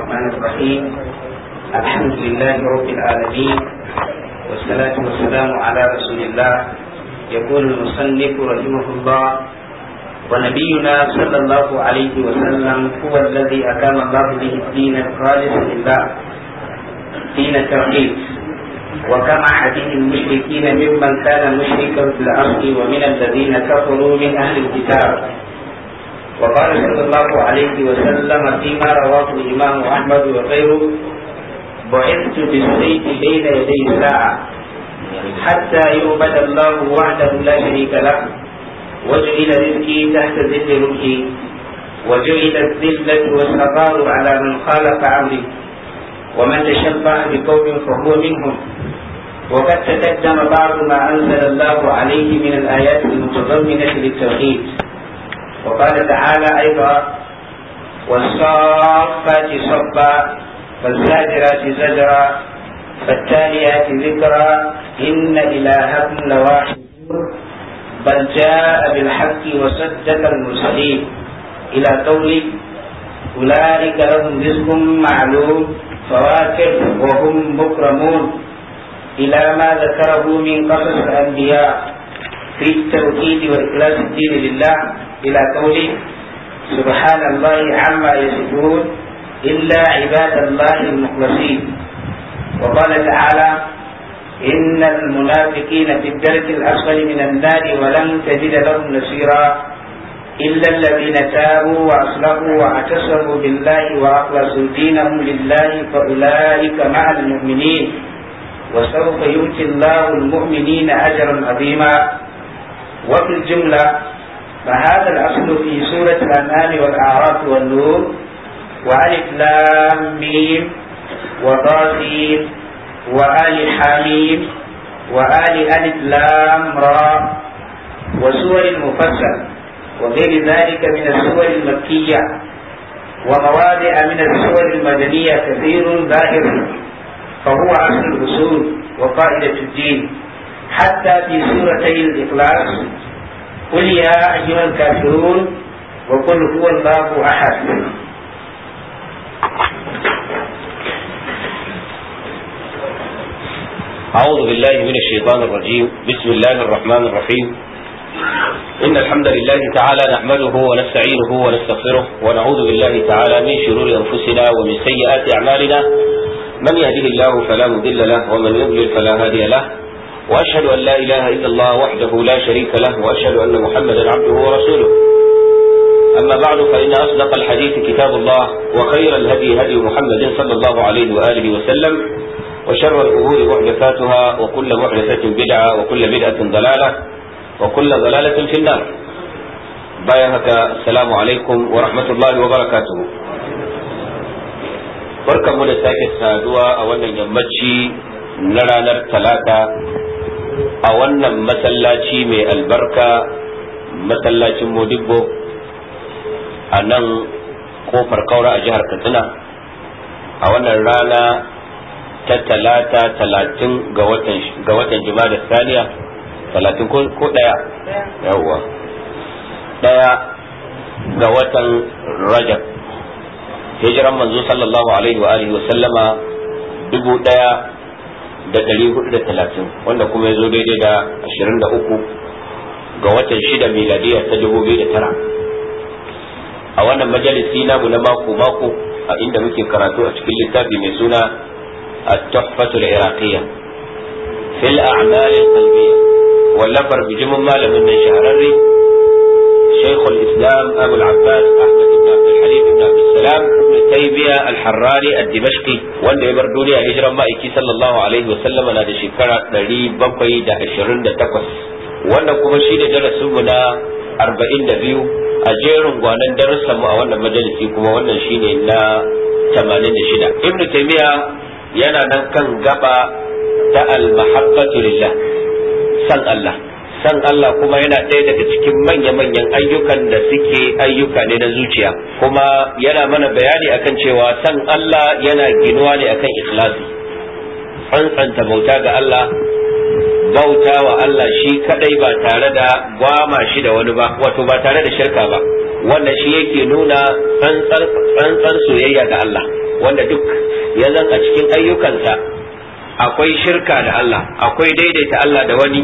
الرحمن الرحيم الحمد لله رب العالمين والصلاة والسلام على رسول الله يقول المصنف رحمه الله ونبينا صلى الله عليه وسلم هو الذي أقام الله به الدين الخالص لله دين التوحيد وكما حديث المشركين ممن كان مشركا في الأرض ومن الذين كفروا من أهل الكتاب وقال صلى الله عليه وسلم فيما رواه الإمام أحمد وغيره بعثت بالسيف بين يدي الساعة حتى يعبد الله وحده لا شريك له وجعل رزقي تحت ذل ملكي وجعل الذلة والصغار على من خالف أمري ومن تشبع بقوم فهو منهم وقد تقدم بعض ما أنزل الله عليه من الآيات المتضمنة للتوحيد وقال تعالى أيضا والصافات صبا فالزاجرات زجرا فالتاليات ذكرا إن إلهكم لواحد بل جاء بالحق وصدق المرسلين إلى قوله أولئك لهم رزق معلوم فواكه وهم مكرمون إلى ما ذكره من قصص الأنبياء في التوحيد وإخلاص الدين لله إلى قوله سبحان الله عما يصفون إلا عباد الله المخلصين وقال تعالى إن المنافقين في الدرك الأسفل من النار ولن تجد لهم نصيرا إلا الذين تابوا وأصلحوا واعتصموا بالله وأخلصوا دينهم لله فأولئك مع المؤمنين وسوف يؤتي الله المؤمنين أجرا عظيما وفي الجملة فهذا الأصل في سورة الأنعام والأعراف والنور وألف لام ميم وطاسين وآل حميم وآل ألف لام راء وسور المفصل وغير ذلك من السور المكية ومواضع من السور المدنية كثير ظاهر فهو أصل الأصول وقاعدة الدين حتى في سورتي الإخلاص قل يا أيها الكافرون وقل هو الله أحد أعوذ بالله من الشيطان الرجيم بسم الله الرحمن الرحيم إن الحمد لله تعالى نحمده ونستعينه ونستغفره ونعوذ بالله تعالى من شرور أنفسنا ومن سيئات أعمالنا من يهده الله فلا مضل له ومن يضلل فلا هادي له وأشهد أن لا إله إلا الله وحده لا شريك له وأشهد أن محمدا عبده ورسوله أما بعد فإن أصدق الحديث كتاب الله وخير الهدي هدي محمد صلى الله عليه وآله وسلم وشر الأمور محدثاتها وكل محدثة بدعة وكل بدعة ضلالة وكل ضلالة في النار بايهك السلام عليكم ورحمة الله وبركاته بركة مدساك السادوة أولا يمتشي na ranar talata a wannan masallaci mai albarka masallacin modibbo a nan kofar kaura a jihar katsina a wannan rana ta talata talatin ga watan juma da saniya talatin ko daya yawwa daya ga watan rajab hijiran manzo sallallahu alaihi wa alihi wa sallama dubu daya da ɗari hudu da talatin wanda kuma ya zo daidai da ashirin da uku ga watan shida miladiya ta dubu biyu da tara a wannan majalisi namu na mako mako a inda muke karatu a cikin littafi mai suna a التحفة العراقية fil a'malin kalbiya wallafar bijimin malamin nan shahararri شيخ الإسلام أبو العباس أحمد بن عبد الحليم بن عبد السلام بن تيمية الحراري الدمشقي wanda ya bar duniya hijiran ma'aiki sallallahu alaihi wa sallama na da shekara 728 wannan kuma shi darasin mu na 42 a jerin gwanan darussan mu a wannan majalisi kuma wannan shine na 86 ibnu taymiya yana nan kan gaba da al-mahabbatu lillah san Allah san Allah kuma yana ɗaya daga cikin manya-manyan ayyukan da suke ayyuka ne na zuciya kuma yana mana bayani akan cewa san Allah yana ginuwa ne akan ikhlasi tsantsanta bauta ga Allah bauta wa Allah shi kadai ba tare da gwama shi da wani ba wato ba tare da shirka ba wanda shi yake nuna tsantsan soyayya ga Allah wanda duk ya zan a cikin ayyukansa akwai shirka da Allah akwai daidaita Allah da wani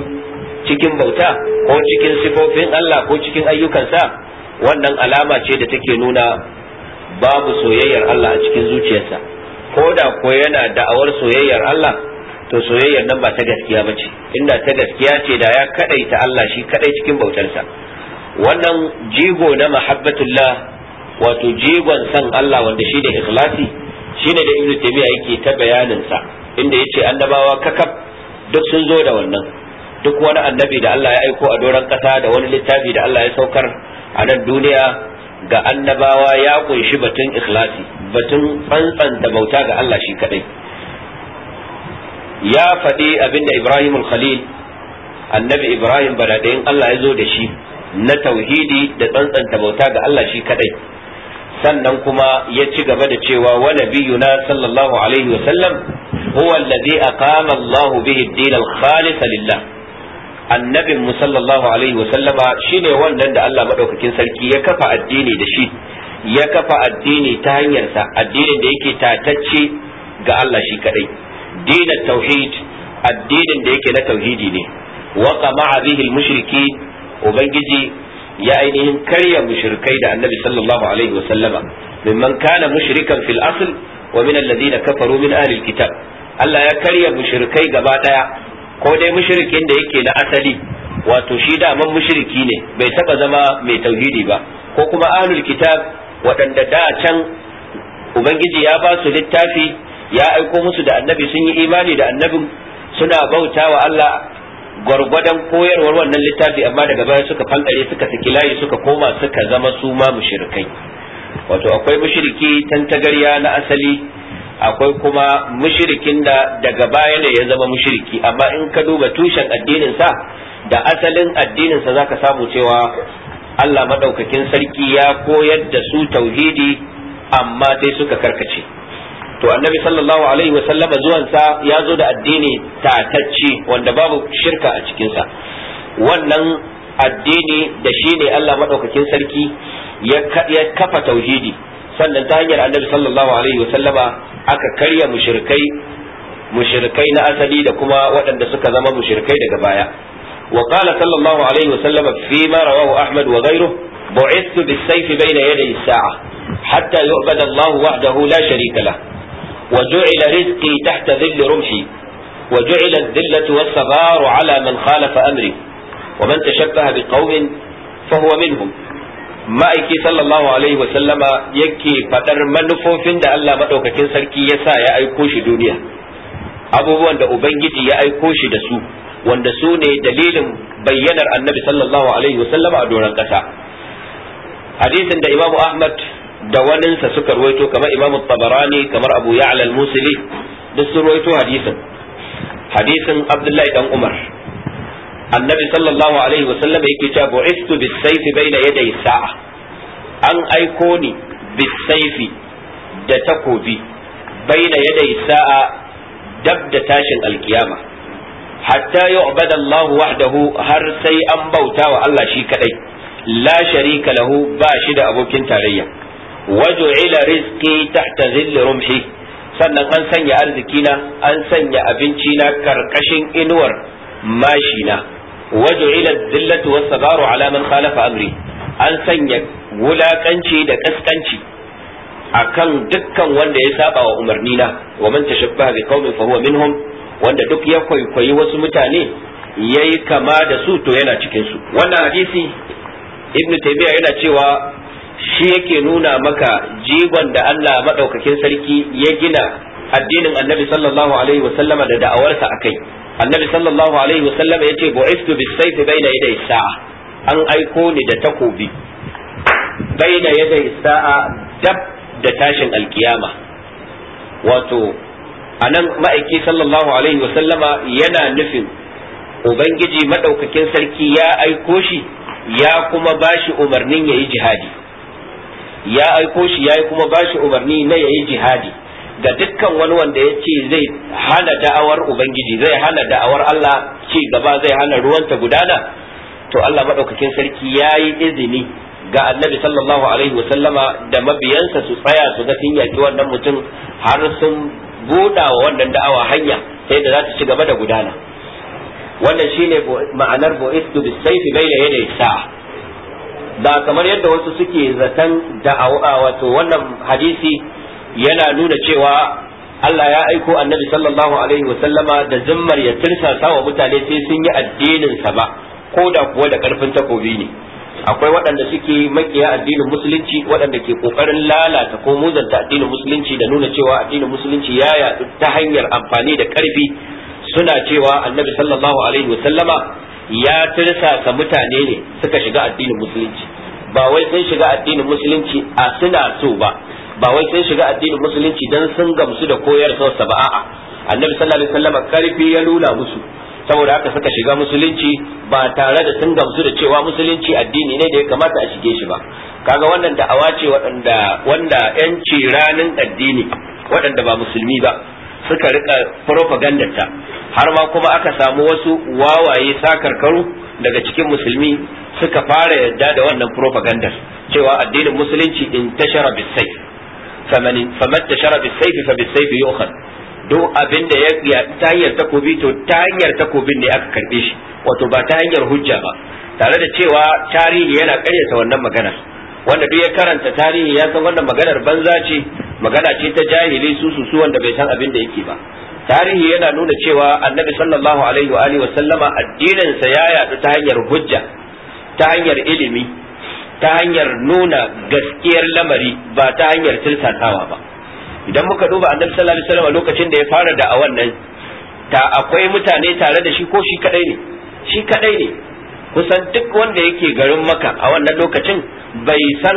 cikin bauta ko cikin sifofin Allah ko cikin ayyukansa wannan alama ce da take nuna babu soyayyar Allah a cikin zuciyarsa ko da ko yana da'awar soyayyar Allah to soyayyar nan ba ta gaskiya ba ce inda ta gaskiya ce da ya ta Allah shi kadai cikin bautarsa wannan jigo na mahabbatullah wato jigon san Allah wanda shi da ikhlasi shine da ibnu taymiya yake ta bayanin sa inda yace annabawa kakab duk sun zo da wannan duk wani annabi da Allah ya aiko a doron ƙasa da wani littafi da Allah ya saukar a nan duniya ga annabawa ya kunshi batun ikhlasi batun tsantsanta bauta ga Allah shi kadai ya faɗi abinda Ibrahim khalil annabi Ibrahim baladayin Allah ya zo da shi na tauhidi da tsantsanta bauta ga Allah shi kadai sannan kuma ya ci gaba da cewa wa nabiyuna sallallahu alaihi wa sallam huwa alladhi aqama Allah bihi ad-din al-khalis lillah annabin mu sallallahu alaihi wasallama shine wannan da Allah madaukakin sarki ya kafa addini da shi ya kafa addini ta hanyarsa addinin da yake tatacce ga Allah shi kadai dinin tauhid addinin da yake na tauhidi ne wa qama'a bihi al-mushriki ubangiji ya ainihin karya mushrikai da annabi sallallahu alaihi wasallama mimman kana mushrikan fil asl wa min alladhina kafaru min ahli al-kitab Allah ya karya mushrikai gaba daya ko dai mushrikin da yake na asali wato shi daman mushriki ne bai taba zama mai tauhidi ba ko kuma ahlul kitab waɗanda da can ubangiji ya ba su littafi ya aiko musu da annabi sun yi imani da annabin suna bauta wa Allah gwargwadon koyarwar wannan littafi amma daga baya suka fankare suka saki layi suka koma suka zama su ma mushrikai wato akwai mushriki tantagarya na asali akwai kuma mushrikin da daga baya ne ya zama mushriki amma in ka duba tushen addinin sa da asalin addininsa sa zaka samu cewa Allah madaukakin sarki ya koyar da su tauhidi amma sai suka karkace to annabi sallallahu alaihi wa sallama zuwansa ya zo da addini tatacce wanda babu shirka a cikinsa wannan addini da shi ne Allah madaukakin sarki ya kafa tauhidi sannan ta hanyar annabi sallallahu alaihi wasallama aka karya mushrikai mushrikai na asali da kuma waɗanda suka zama mushrikai daga baya wa qala sallallahu alaihi wasallama fi ma rawahu ahmad wa ghayruhu bu'ithu bis-sayfi bayna yaday as-sa'a hatta yu'bada Allah wahdahu la sharika lah wa ju'ila rizqi tahta dhilli rumhi wa ju'ila adh-dhillatu was-sagharu ala man khalafa amri wa man tashabbaha biqawmin fa huwa minhum ma'aiki sallallahu alaihi wasallama yake faɗar manufofin da Allah madaukakin sarki ya sa ya aiko shi duniya abubuwan da ubangiji ya aiko shi da su wanda su ne dalilin bayyanar annabi sallallahu alaihi wasallama a doron ƙasa hadisin da imamu ahmad da waninsa suka ruwaito kamar imamu tabarani kamar abu ya'la al-musili duk sun ruwaito hadisin hadisin abdullahi dan umar annabi sallallahu alaihi wasallam yake cewa bu'istu bis-sayfi baina yaday sa'a an aiko ni bis-sayfi da takobi baina yaday sa'a dab da tashin alkiyama hatta yu'bada Allah wahdahu har sai an bauta wa Allah shi kadai la sharika lahu ba shi da abokin tarayya waj'ila rizqi tahta dhilli rumhi sannan an sanya arzikina an sanya abincina karkashin inuwar mashina وجعل الذلة والصغار على من خالف an sanya wulaƙanci da kaskanci akan dukkan wanda ya saba wa umarnina wa man tashabbaha bi qaumin fa huwa minhum wanda duk ya kwaikwayi wasu mutane yayi kama da su to yana cikin su wannan hadisi Ibnu taymiya yana cewa shi yake nuna maka jigon da Allah madaukakin sarki ya gina addinin annabi sallallahu da da'awarsa a kai. annabi sallallahu alaihi wasallam ya ce bu'istu bisayfi baina yaday sa'a an aiko ni da takobi baina yaday sa'a dab da tashin alkiyama wato anan ma'aiki sallallahu alaihi wasallama yana nufin ubangiji madaukakin sarki ya aiko shi ya kuma bashi umarnin yayi jihadi ya aiko shi ya kuma bashi umarni na yayi jihadi ga dukkan wani wanda ya ce zai hana da'awar ubangiji zai hana da'awar Allah ci gaba zai hana ruwanta gudana to Allah madaukakin sarki ya yi izini ga annabi sallallahu alaihi wasallama da mabiyansa su tsaya su ga sun yaki wannan mutum har sun buɗa wa wannan da'awa hanya sai da za ta ci gaba da gudana wannan shine ma'anar bu'istu bis-sayfi bayna yaday sa'a ba kamar yadda wasu suke zaton da'awa wato wannan hadisi yana nuna cewa Allah ya aiko annabi sallallahu alaihi wasallama da zimmar ya tirsasa wa mutane sai sun yi addinin sa ba ko da kuwa da karfin takobi ne akwai waɗanda suke makiya addinin musulunci waɗanda ke kokarin lalata ko muzanta addinin musulunci da nuna cewa addinin musulunci ya yaɗu ta hanyar amfani da karfi suna cewa annabi sallallahu alaihi wasallama ya tirsasa mutane ne suka shiga addinin musulunci ba wai sun shiga addinin musulunci a suna so ba ba wai sun shiga addinin musulunci dan sun gamsu da koyar sa ba a'a annabi sallallahu alaihi wasallam karfi ya nuna musu saboda haka suka shiga musulunci ba tare da sun gamsu da cewa musulunci addini ne da ya kamata a shige shi ba kaga wannan da awace waɗanda wanda yanci ranin addini waɗanda ba musulmi ba suka rika propaganda ta har ma kuma aka samu wasu wawaye sakarkaru daga cikin musulmi suka fara yadda da wannan propaganda cewa addinin musulunci in tashara bisai فمن فمن تشر saifi فبالسيف يؤخذ duk abin da ya ta hanyar takobi to ta hanyar takobin ne aka karbe shi wato ba ta hanyar hujja ba tare da cewa tarihi yana karyata wannan magana wanda duk ya karanta tarihi ya san wannan maganar banza ce magana ce ta jahili su su su wanda bai san abin da yake ba tarihi yana nuna cewa annabi sallallahu alaihi wa alihi wa sallama addinin sa ya yadu ta hanyar hujja ta hanyar ilimi ta hanyar nuna gaskiyar lamari ba ta hanyar tilsatawa ba idan muka duba annabi sallallahu alaihi wasallam lokacin da ya fara a nan ta akwai mutane tare da shi ko shi kadai ne shi kadai ne kusan duk wanda yake garin maka a wannan lokacin bai san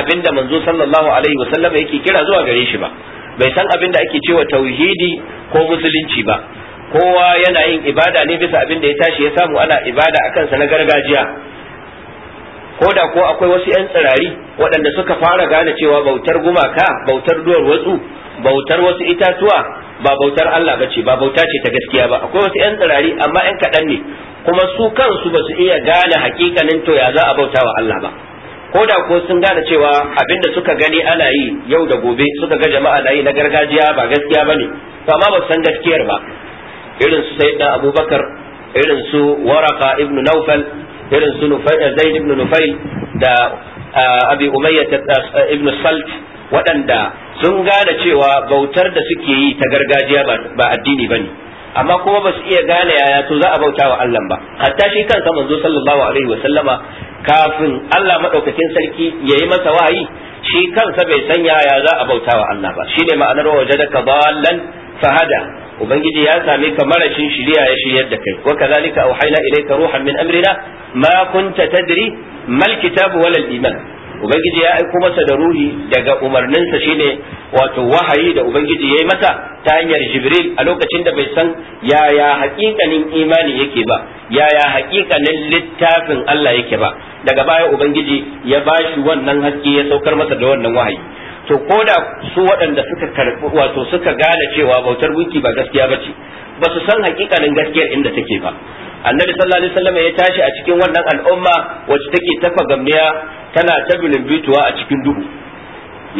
abin da manzo sallallahu alaihi wasallam yake kira zuwa gare shi ba bai san abin da ake cewa tauhidi ko musulunci ba kowa yana yin ibada ne bisa abin da ya tashi ya samu ana ibada akan sa na gargajiya ko da ko akwai wasu 'yan tsirari waɗanda suka fara gane cewa bautar gumaka bautar duwar watsu bautar wasu itatuwa ba bautar Allah ba ce ba bauta ce ta gaskiya ba akwai wasu 'yan tsirari amma 'yan kaɗan ne kuma su kansu ba su iya gane hakikanin to ya za a bauta wa Allah ba ko da ko sun gane cewa abinda suka gani ana yi yau da gobe suka ga jama'a na yi na gargajiya ba gaskiya bane to amma ba san gaskiyar ba irin su sayyidina abubakar irin su waraka ibnu naufal irin su eh, zaid ibn nufail da eh, abi umayya eh, ibn salt waɗanda sun gane cewa bautar da suke yi ta gargajiya ba addini ba ne amma kuma ba su iya gane yaya to za a bauta wa Allah ba hatta shi kansa manzo sallallahu alaihi wa sallama kafin Allah madaukakin sarki yayi masa wahayi shi kansa bai san yaya za a bauta wa Allah ba shine ma'anar wajadaka dallan fahada ubangiji ya same ka marashin shiriya ya shiryar da kai wa kadhalika auhayna ilayka ruhan min amrina ma kunta tadri mal kitabu wal iman ubangiji ya aiko masa da ruhi daga umarninsa shine wato wahayi da ubangiji yayi masa ta hanyar jibril a lokacin da bai san yaya hakikanin imani yake ba yaya haƙiƙanin littafin Allah yake ba daga baya ubangiji ya bashi wannan haske ya saukar masa da wannan wahayi to ko da su waɗanda suka karɓi wato suka gane cewa bautar gunki ba gaskiya ba ce ba su san hakikanin gaskiyar inda take ba annabi sallallahu alaihi wasallam ya tashi a cikin wannan al'umma wacce take tafa gamniya tana ta bituwa a cikin duhu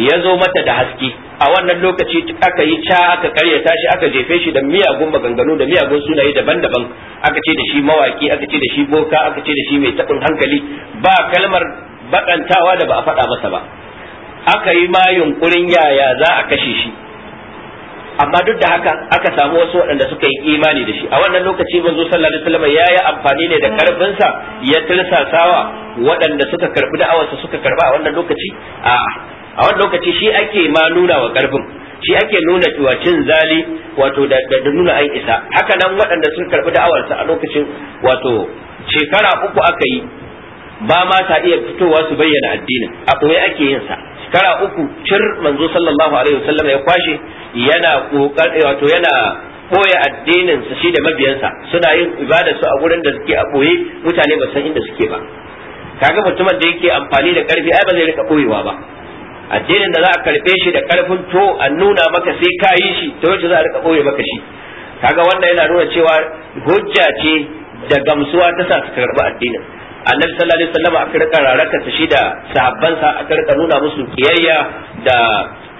ya zo mata da haske a wannan lokaci aka yi ca aka karyata tashi aka jefe shi da miyagun maganganu da miyagun sunaye daban-daban aka ce da shi mawaki aka ce da shi boka aka ce da shi mai taɓin hankali ba kalmar bakantawa da ba a faɗa masa ba aka yi ma yunkurin yaya za a kashe shi amma duk da haka aka samu wasu waɗanda suka yi imani da shi a wannan lokaci manzo sallallahu alaihi wasallam ya yi amfani ne da karfinsa ya tilsasawa waɗanda suka karbi da'awarsa suka karba a wannan lokaci a a wannan lokaci shi ake ma nuna wa karfin shi ake nuna cewa cin zali wato da nuna an isa haka nan waɗanda suka karbi da'awarsa a lokacin wato shekara uku aka yi ba ma ta iya fitowa su bayyana addinin a ɓoye ake yin sa shekara uku cir manzo sallallahu alaihi wasallam ya kwashe yana kokari wato yana koya addinin sa shi da mabiyansa suna yin ibada su a gurin da suke a boye mutane ba san inda suke ba kaga mutumin da yake amfani da karfi ai ba zai rika koyewa ba addinin da za a karbe shi da karfin to a nuna maka sai ka yi shi ta wacce za a rika boye maka shi kaga wanda yana nuna cewa hujja ce da gamsuwa ta sa su karba addinin annabi sallallahu alaihi wasallam aka rika raraka shi da sa aka rika nuna musu kiyayya da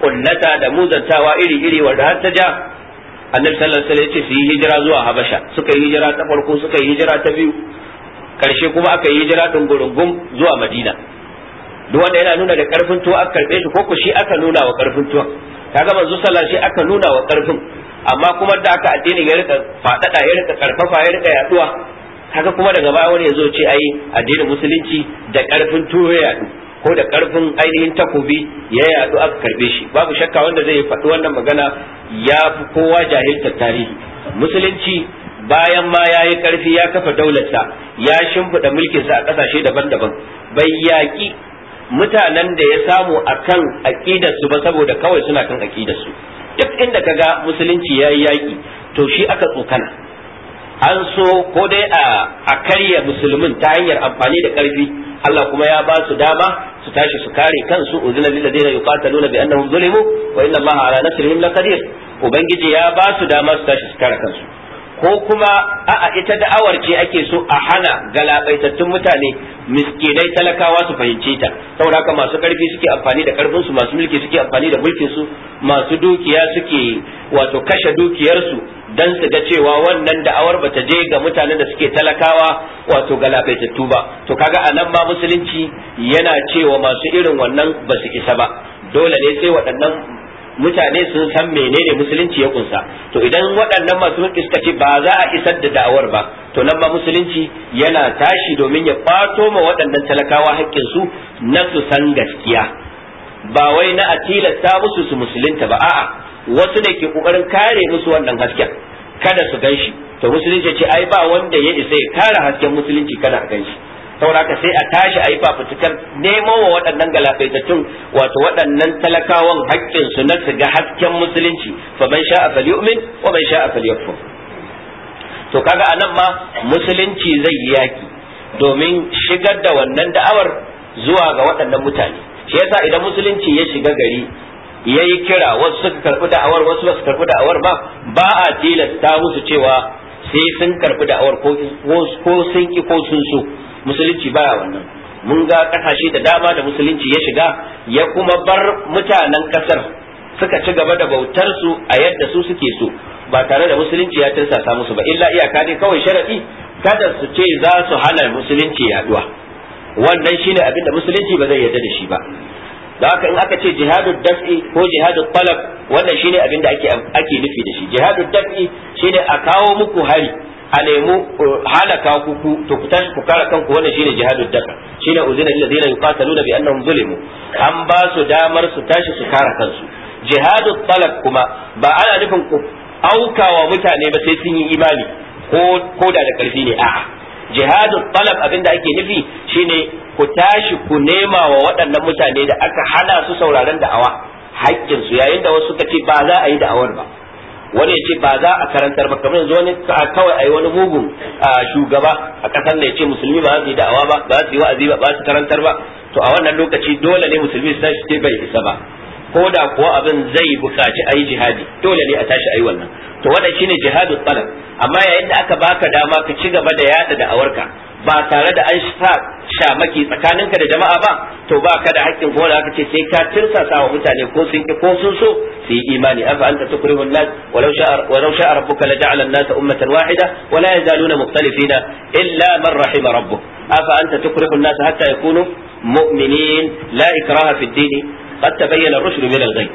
kullata da muzantawa iri iri wanda har ta ja annabi sallallahu alaihi wasallam ya ce su yi hijira zuwa habasha suka yi hijira ta farko suka yi hijira ta biyu karshe kuma aka yi hijira dungurungum zuwa madina duk wanda yana nuna da karfin tuwa aka karbe shi koko shi aka nuna wa karfin tuwa kaga manzo sallallahu shi aka nuna wa karfin amma kuma da aka addini ya rika fadada ya rika karfafa ya rika yaduwa haka kuma daga baya wani ya zo ce ai addinin musulunci da karfin tuwo ya ko da karfin ainihin takobi ya yadu aka karbe shi babu shakka wanda zai faɗi wannan magana ya fi kowa jahiltar tarihi musulunci bayan ma ya yi karfi ya kafa daularsa ya shimfiɗa mulkinsa a ƙasashe daban-daban bai yaƙi mutanen da ya samu a kan aƙidarsu ba saboda kawai suna kan aƙidarsu duk inda ka ga musulunci ya yi yaƙi to shi aka tsokana an so ko dai a karya musulmin ta hanyar amfani da karfi Allah kuma ya ba su dama su tashi su kare kansu uzina lil ladina yuqataluna bi annahum zulimu wa inna Allaha ala nasrihim laqadir ubangiji ya ba su dama su tashi su kare kansu ko kuma a'a ita da'awar ce ake so a hana galabaitattun mutane miskinai talakawa su fahimce ta saboda haka masu karfi suke amfani da karfin su masu mulki suke amfani da mulkin su masu dukiya suke wato kashe dukiyar su dan su ga cewa wannan da'awar bata je ga mutanen da suke talakawa wato galabaitattu ba to kaga anan ma musulunci yana cewa masu irin wannan ba su isa ba dole ne sai waɗannan mutane sun san menene musulunci ya kunsa to idan waɗannan masu mulki suka ce ba za a isar da da'awar ba to nan ba musulunci yana tashi domin ya ƙwato ma waɗannan talakawa haƙƙin su na su san gaskiya ba wai na a tilasta musu su musulunta ba a'a wasu ne ke ƙoƙarin kare musu wannan hasken kada su ganshi to musulunci ce ai ba wanda ya isa ya kare hasken musulunci kada a ganshi sauraka sai a tashi a yi fafutukar nemo wa waɗannan galafaitattun wato waɗannan talakawan su na su ga hasken musulunci fa man sha'a falyu'min wa man sha'a falyakfur to kaga anan ma musulunci zai yi yaki domin shigar da wannan da'awar zuwa ga waɗannan mutane shi yasa idan musulunci ya shiga gari ya yi kira wasu suka karɓi da'awar wasu ba su karɓi da'awar ba ba a tilasta musu cewa sai sun karbi da'awar ko sun ki ko sun so musulunci baya wannan mun ga kasashe da dama da musulunci ya shiga ya kuma bar mutanen kasar suka ci gaba da bautar su a yadda su suke so ba tare da musulunci ya tirsasa musu ba illa iyaka ne kawai sharadi kada su ce za su hana musulunci yaduwa wannan shine abin da musulunci ba zai yarda da shi ba da haka in aka ce jihadu daf'i ko jihadu talab wannan shine abin da ake nufi da shi jihadu daf'i shine a kawo muku hari a nemi uh, halaka ku to ku tashi ku kare kanku wannan shine jihadu daf'i shine uzina lil ladina yuqataluna bi annahum zulimu an ba su damar su tashi su kare kansu jihadu talab kuma ba ana nufin ku aukawa mutane ba sai sun yi imani ko ko da da karfi ne a'a jihadu talab abinda ake nufi shine ku tashi ku nema wa waɗannan mutane da aka hana su sauraron da'awa haƙƙin su yayin da wasu suka ce ba za a yi da'awar ba wani ya ce ba za a karantar ba kamar yanzu wani kawai a yi wani mugun shugaba a ƙasar da ya ce musulmi ba za su yi da'awa ba ba su yi wa'azi ba ba su karantar ba to a wannan lokaci dole ne musulmi su tashi bai isa ba ko da kuwa abin zai bukaci ayi jihadi dole ne a tashi ayi wannan to wannan shine jihadu talab amma yayin da aka baka dama ka ci gaba da yada awarka, ba tare da an sha shamaki tsakaninka da jama'a ba to ba ka da haƙƙin ko aka ce sai ka tirsasa wa mutane ko sun ki ko sun so su yi imani afa anta tukrihu an-nas walau sha'a walau sha'a rabbuka la ja'ala an-nasa ummatan wahida wa la yazaluna mukhtalifina illa man rahima rabbuk afa anta tukrihu an-nas hatta yakunu mu'minin la ikraha fi ad-din قد تبين الرشد من الغي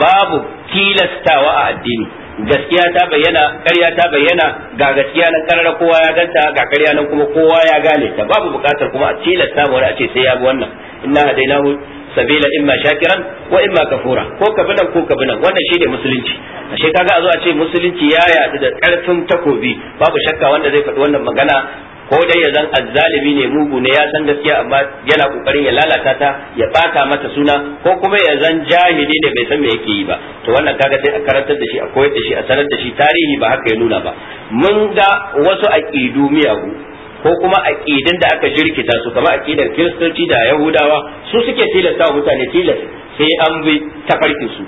باب babu tilastawa a addini gaskiya ta bayyana ƙarya ta bayyana ga gaskiya na karara kowa ya ganta ga ƙarya nan kuma kowa ya gane ta babu buƙatar kuma a tilasta wani a ce sai ya bi wannan inna hadainahu sabila imma shakiran wa imma kafura ko kabilan ko kabilan wannan shine musulunci ashe kaga a zo a ce musulunci ya yadu da ƙarfin takobi babu shakka wanda zai faɗi wannan magana ko dai ya zan azzalimi ne mugu ne ya san gaskiya amma yana kokarin ya lalata ta ya bata mata suna ko kuma ya zan jahili ne bai san me yake yi ba to wannan kaga sai a karantar da shi a koyar da shi a sanar da shi tarihi ba haka ya nuna ba mun ga wasu aqidu miyagu ko kuma aqidin da aka jirkita su kamar aqidar kiristoci da yahudawa su suke tilasta mutane tilas sai an bi tafarkin su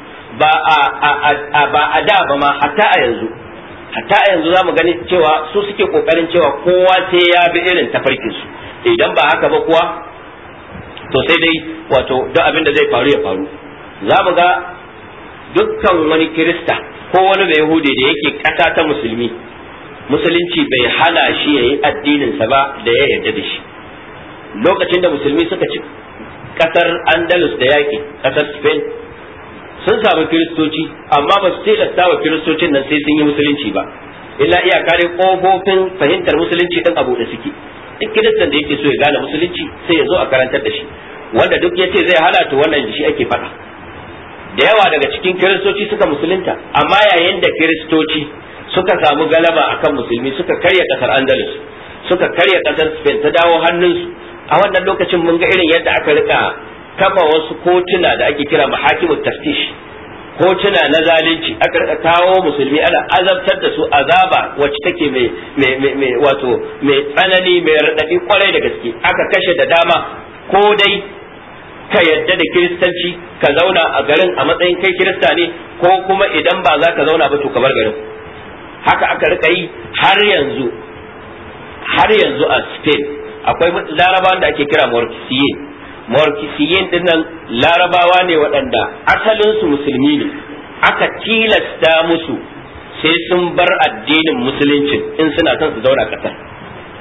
ba a ba a da ba ma hatta a yanzu hatta yanzu za mu gani cewa su suke kokarin cewa kowa sai ya bi irin tafarkinsu, idan ba haka ba kuwa to sai dai wato duk abin da zai faru ya faru za mu ga dukkan wani kirista ko wani mai yahudi da yake kasa ta musulmi musulunci bai hana shi ya yi addininsa ba da ya yarda da shi lokacin da musulmi suka ci kasar andalus da yaki kasar spain sun samu kiristoci amma ba su tilasta wa kiristocin nan sai sun yi musulunci ba illa iya kare kofofin fahimtar musulunci din abu da suke duk kiristan da yake so ya gane musulunci sai ya zo a karantar da shi wanda duk ya ce zai hana to wannan shi ake faɗa da yawa daga cikin kiristoci suka musulunta amma yayin da kiristoci suka samu galaba akan musulmi suka karya kasar andalus suka karya ƙasar spain ta dawo hannunsu a wannan lokacin mun ga irin yadda aka rika kafa wasu kotuna da ake kira mahakimul taftish kotuna na zalunci aka kawo musulmi ana azabtar da su azaba wacce take mai mai wato mai tsanani mai radadi kwarai da gaske aka kashe da dama ko dai ka yadda da kiristanci ka zauna a garin a matsayin kai kirista ne ko kuma idan ba za ka zauna ba to ka garin haka aka rika yi har yanzu har yanzu a Spain akwai larabawan da ake kira Morkisiye morkisiyin dinnan larabawa ne waɗanda asalinsu musulmi ne aka tilasta musu sai sun bar addinin musulunci in suna son su zauna ƙasar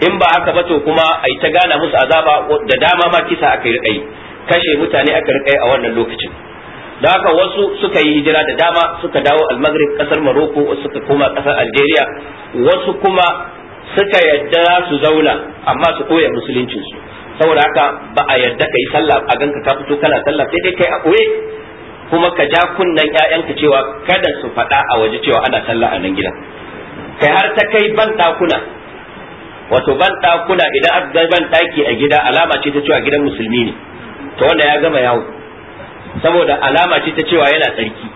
in ba haka ba to kuma ai ta gana musu azaba da dama ma kisa aka yi kashe mutane aka riƙa a wannan lokacin da haka wasu suka yi hijira da dama suka dawo almagrib kasar maroko wasu suka koma kasar algeria wasu kuma suka yadda su zauna amma su koya musuluncinsu saboda haka ba a yadda kai sallah a ganka ka fito kana sallah sai dai kai a koye kuma ka ja kunnan ƴaƴanka cewa kada su faɗa a waje cewa ana sallah a nan gidan kai har ta kai ban ɗakuna wato ban ɗakuna idan aka ga ban ɗaki a gida alama ce ta cewa gidan musulmi ne to wanda ya gama yawo saboda alama ce ta cewa yana tsarki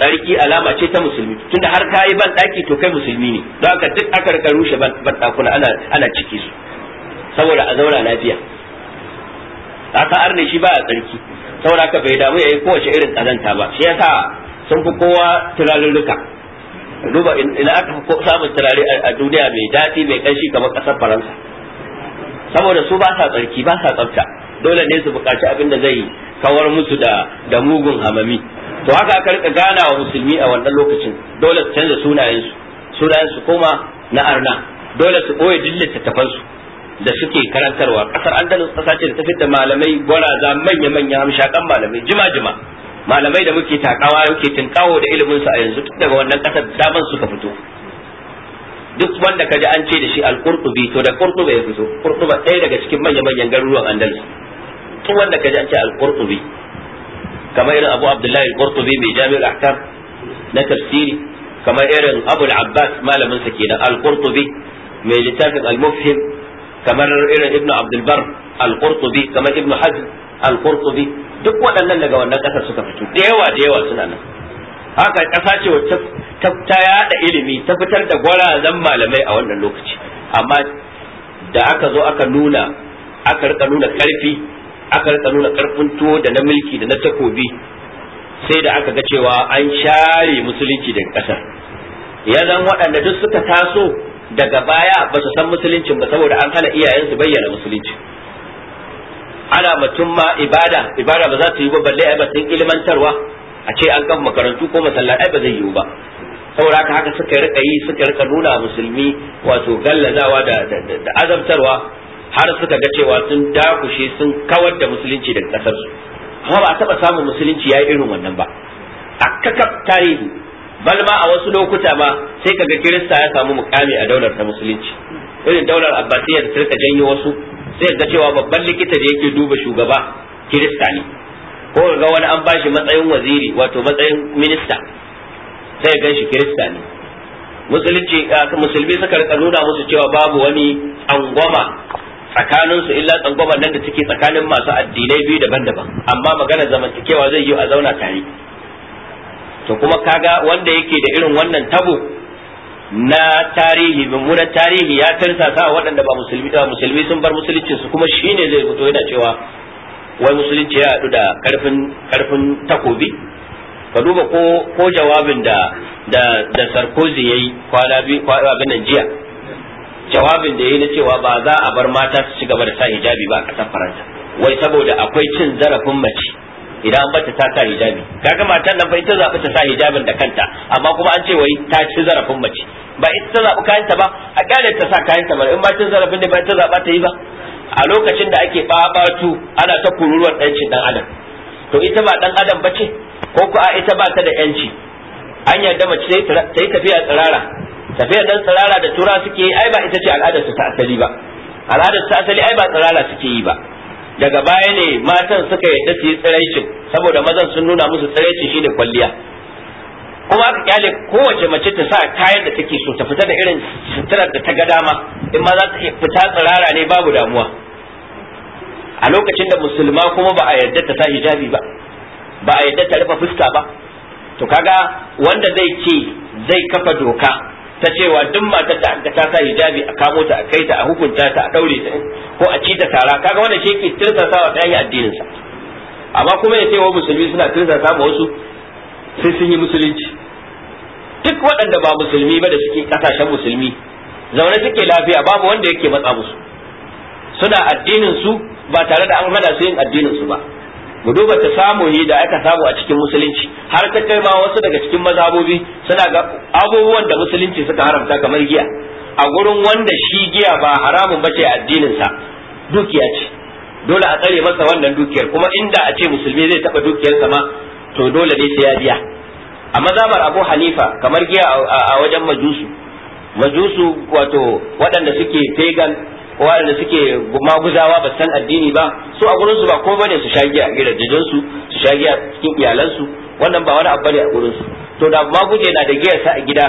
tsarki alama ce ta musulmi tunda har kayi ban ɗaki to kai musulmi ne don haka duk aka rika rushe ban ɗakuna ana ana ciki su saboda a zauna lafiya haka arne shi ba a tsarki saboda haka bai damu yayi kowace irin kazanta ba shi yasa sun fi kowa turarurruka duba ina aka fi samun turare a duniya mai daɗi mai ƙanshi kamar ƙasar faransa saboda su ba sa tsarki ba sa tsafta dole ne su buƙaci abin da zai kawar musu da da mugun hamami to haka aka rika gana wa musulmi a wannan lokacin dole su canza sunayensu sunayensu koma na arna dole su ɓoye dillin tattafansu da suke karantarwa kasar andalus kasa ce da ta fitta malamai gwaraza manya manya hamshakan malamai jima jima malamai da muke takawa yake tinkawo da ilimin su a yanzu tun daga wannan kasar daman suka fito duk wanda ka ji an ce da shi al-qurtubi to da qurtuba ya fito qurtuba ɗaya daga cikin manya manyan garuruwan andalus duk wanda ka ji an ce al-qurtubi kamar irin abu abdullahi al-qurtubi mai jami'ul ahkam na tafsiri kamar irin abu al abbas malamin sa kenan al-qurtubi mai littafin al-mufhim kamar irin ibnu abdulbar al-qurtubi kamar ibnu hazm al-qurtubi duk waɗannan daga wannan ƙasar suka fito da yawa da yawa suna nan haka ƙasa ce wacce ta yada ilimi ta fitar da gwarazan malamai a wannan lokaci amma da aka zo aka nuna aka rika nuna karfi aka rika nuna karfin tuwo da na mulki da na takobi sai da aka ga cewa an share musulunci daga ƙasar ya zan waɗanda duk suka taso daga baya ba su san musuluncin ba saboda an hana iyayen su bayyana musulunci ana mutum ma ibada ibada ba za su yi ba balle ai ba sun ilmantarwa a ce an kafa makarantu ko masallaci ai ba zai yiwu ba saboda haka haka suka rika yi suka rika nuna musulmi wato gallazawa da da azabtarwa har suka ga cewa sun dakushe sun kawar da musulunci daga kasar su amma ba a taba samun musulunci yayi irin wannan ba a kakab tarihi bal ma a wasu lokuta ma sai kaga kirista ya samu mukami a daular ta musulunci irin daular abbasiyya da turka janyo wasu sai ga cewa babban likita da yake duba shugaba kirista ne ko ga wani an bashi matsayin waziri wato matsayin minista sai ga shi kirista ne musulunci musulmi suka rika nuna musu cewa babu wani tsangwama tsakanin su illa tsangwama nan da take tsakanin masu addinai biyu daban-daban amma magana zamantakewa zai yi a zauna tare to kuma kaga wanda yake da irin wannan tabo na tarihi mummunan tarihi ya tarsa, sa waɗanda ba musulmi ba musulmi sun bar musulunci su kuma shine zai fito yana cewa wai musulunci ya haɗu da karfin karfin takobi ka duba ko ko jawabin da da da Sarkozy yayi kwana bi abin nan jiya jawabin da yayi na cewa ba za a bar mata su ci gaba da sa hijabi ba a kasar Faransa wai saboda akwai cin zarafin mace idan an bata ta sa hijabi kaga matan nan fa ita zaɓi ta sa hijabin da kanta amma kuma an ce wai ta ci zarafin mace ba ita ta zaɓi kayanta ba a ƙyale ta sa kayanta ba in ba cin zarafin ne ba ita zaba ta yi ba a lokacin da ake babatu ana ta kururuwar ɗancin ɗan adam to ita ba ɗan adam ba ce ko ku a ita ba ta da ƴanci an yarda mace ta yi tafiya tsirara tafiya dan tsirara da tura suke yi ai ba ita ce al'adar ta asali ba al'adar ta asali ai ba tsirara suke yi ba daga baya ne matan suka yadda su yi tsiraicin saboda mazan sun nuna musu tsiraicin shine kwalliya kuma aka kyale kowace mace ta sa kayan da take so ta fita da irin suturar da ta ga dama in ma za ta fita tsirara ne babu damuwa a lokacin da musulma kuma ba a yadda ta sa hijabi ba ba a yadda ta rufe fuska ba to kaga wanda zai ce zai kafa doka ta cewa duk matar da aka ta sa hijabi a kamo ta a kai ta a hukunta ta a daure ta ko a ci ta tara kaga wannan shi yake tirsasawa ta hanyar addinin sa amma kuma ya wa musulmi suna tirsasa ma wasu sai sun yi musulunci duk waɗanda ba musulmi ba da suke kasashen musulmi zaune suke lafiya babu wanda yake matsa musu suna addinin su ba tare da an hana su yin addinin su ba mu duba ta samuhi da aka samu a cikin musulunci har ta kai ma wasu daga cikin mazhabobi suna ga abubuwan da musulunci suka haramta kamar giya a gurin wanda shi giya ba haramun bace addininsa dukiya ce dole a tsare masa wannan dukiyar kuma inda a ce musulmi zai taba dukiyarsa ma to dole ne sai ya biya a mazabar abu hanifa kamar giya a wajen majusu majusu wato waɗanda suke pagan waɗanda suke maguzawa ba san addini ba su a gurin su ba ko bane su shagiya a gidajen su su shagiya cikin iyalan su wannan ba wani abu ne a gurin su to da maguje na da giyar sa a gida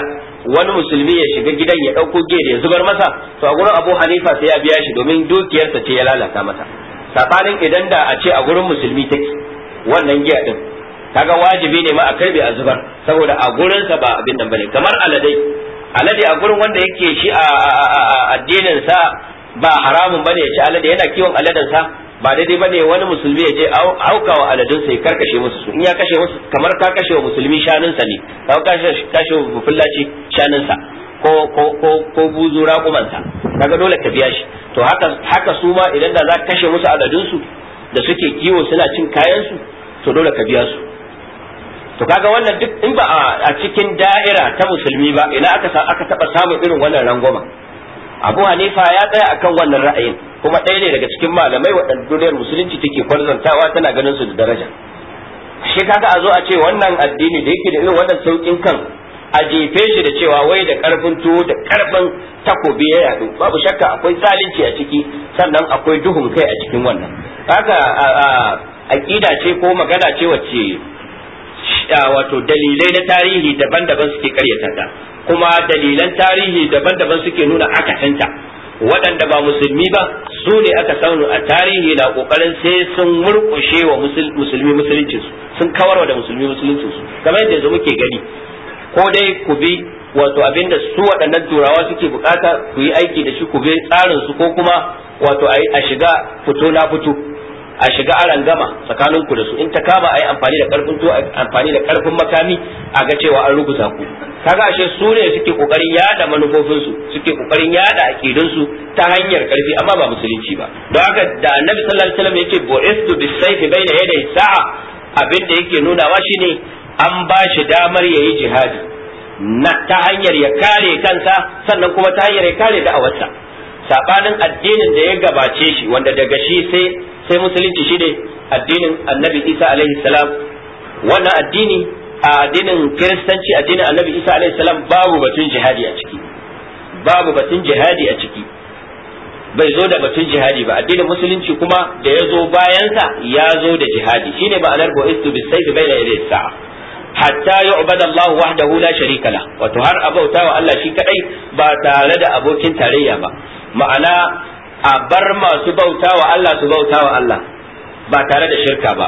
wani musulmi ya shiga gidan ya dauko giyar ya zubar masa to a gurin Abu Hanifa sai ya biya shi domin dukiyarsa ce ya lalata masa safarin idan da a ce a gurin musulmi take wannan giya din kaga wajibi ne ma a karbe a zubar saboda a sa ba abin nan bane kamar aladai alade a gurin wanda yake shi a addinin sa ba haramun bane ya ci alade yana kiwon aladansa ba daidai bane wani musulmi ya je auka wa aladunsa ya karkashe musu su in ya kashe musu kamar ka kashe wa musulmi shanunsa ne ka kashe kashe bufullaci shanunsa ko ko ko ko buzu raƙumansa kaga dole ka biya shi to haka haka su ma idan da za ka kashe musu su da suke kiwo suna cin kayansu to dole ka biya su to kaga wannan duk in ba a cikin da'ira ta musulmi ba ina aka aka taba samun irin wannan rangwama abu hanifa ya tsaya akan wannan ra'ayin kuma ɗaya ne daga cikin malamai waɗanda duniyar musulunci take kwarzantawa tana ganin su da daraja shi kaga a zo a ce wannan addini da yake da irin wannan saukin kan a jefe shi da cewa wai da karfin tuwo da karfin takobi ya yadu babu shakka akwai zalunci a ciki sannan akwai duhun kai a cikin wannan haka aqida ce ko magana ce wacce wato dalilai na tarihi daban-daban suke karyata ta kuma dalilan tarihi daban-daban suke nuna akasinta waɗanda ba musulmi ba su ne aka samu a tarihi na kokarin sai sun murƙushe wa musulmi musuluncin su sun kawarwa da musulmi musuluncin su kamar yadda yanzu muke gani ko dai ku bi wato abinda su waɗannan turawa suke bukata ku yi aiki da shi ku bi tsarin su ko kuma wato a shiga fito na fito a shiga aran gama tsakanin ku da su in ta kama yi amfani da karfin to amfani da karfin makami a ga cewa an rubuta ku kaga ashe su ne suke kokarin yada manufofin su suke kokarin yada akidun su ta hanyar karfi amma ba musulunci ba don haka da annabi sallallahu alaihi wasallam yace bu'istu bis-sayfi bayna yaday sa'a abin da yake nunawa shine an ba shi damar yayi jihadi na ta hanyar ya kare kansa sannan kuma ta hanyar ya kare da'awarsa sabanin addinin da ya gabace shi wanda daga shi sai sai musulunci shine addinin annabi isa alaihi salam wannan addini a addinin kiristanci addinin annabi isa alaihi salam babu batun jihadi a ciki babu batun jihadi a ciki bai zo da batun jihadi ba addinin musulunci kuma da ya zo bayansa ya zo da jihadi Shi ne ma'anar bu'istu sai bayna yaday sa'a hatta yu'bada Allah wahdahu la sharika la wato har abauta wa Allah shi kadai ba tare da abokin tarayya ba ma'ana a bar masu bauta wa Allah su bauta wa Allah ba tare da shirka ba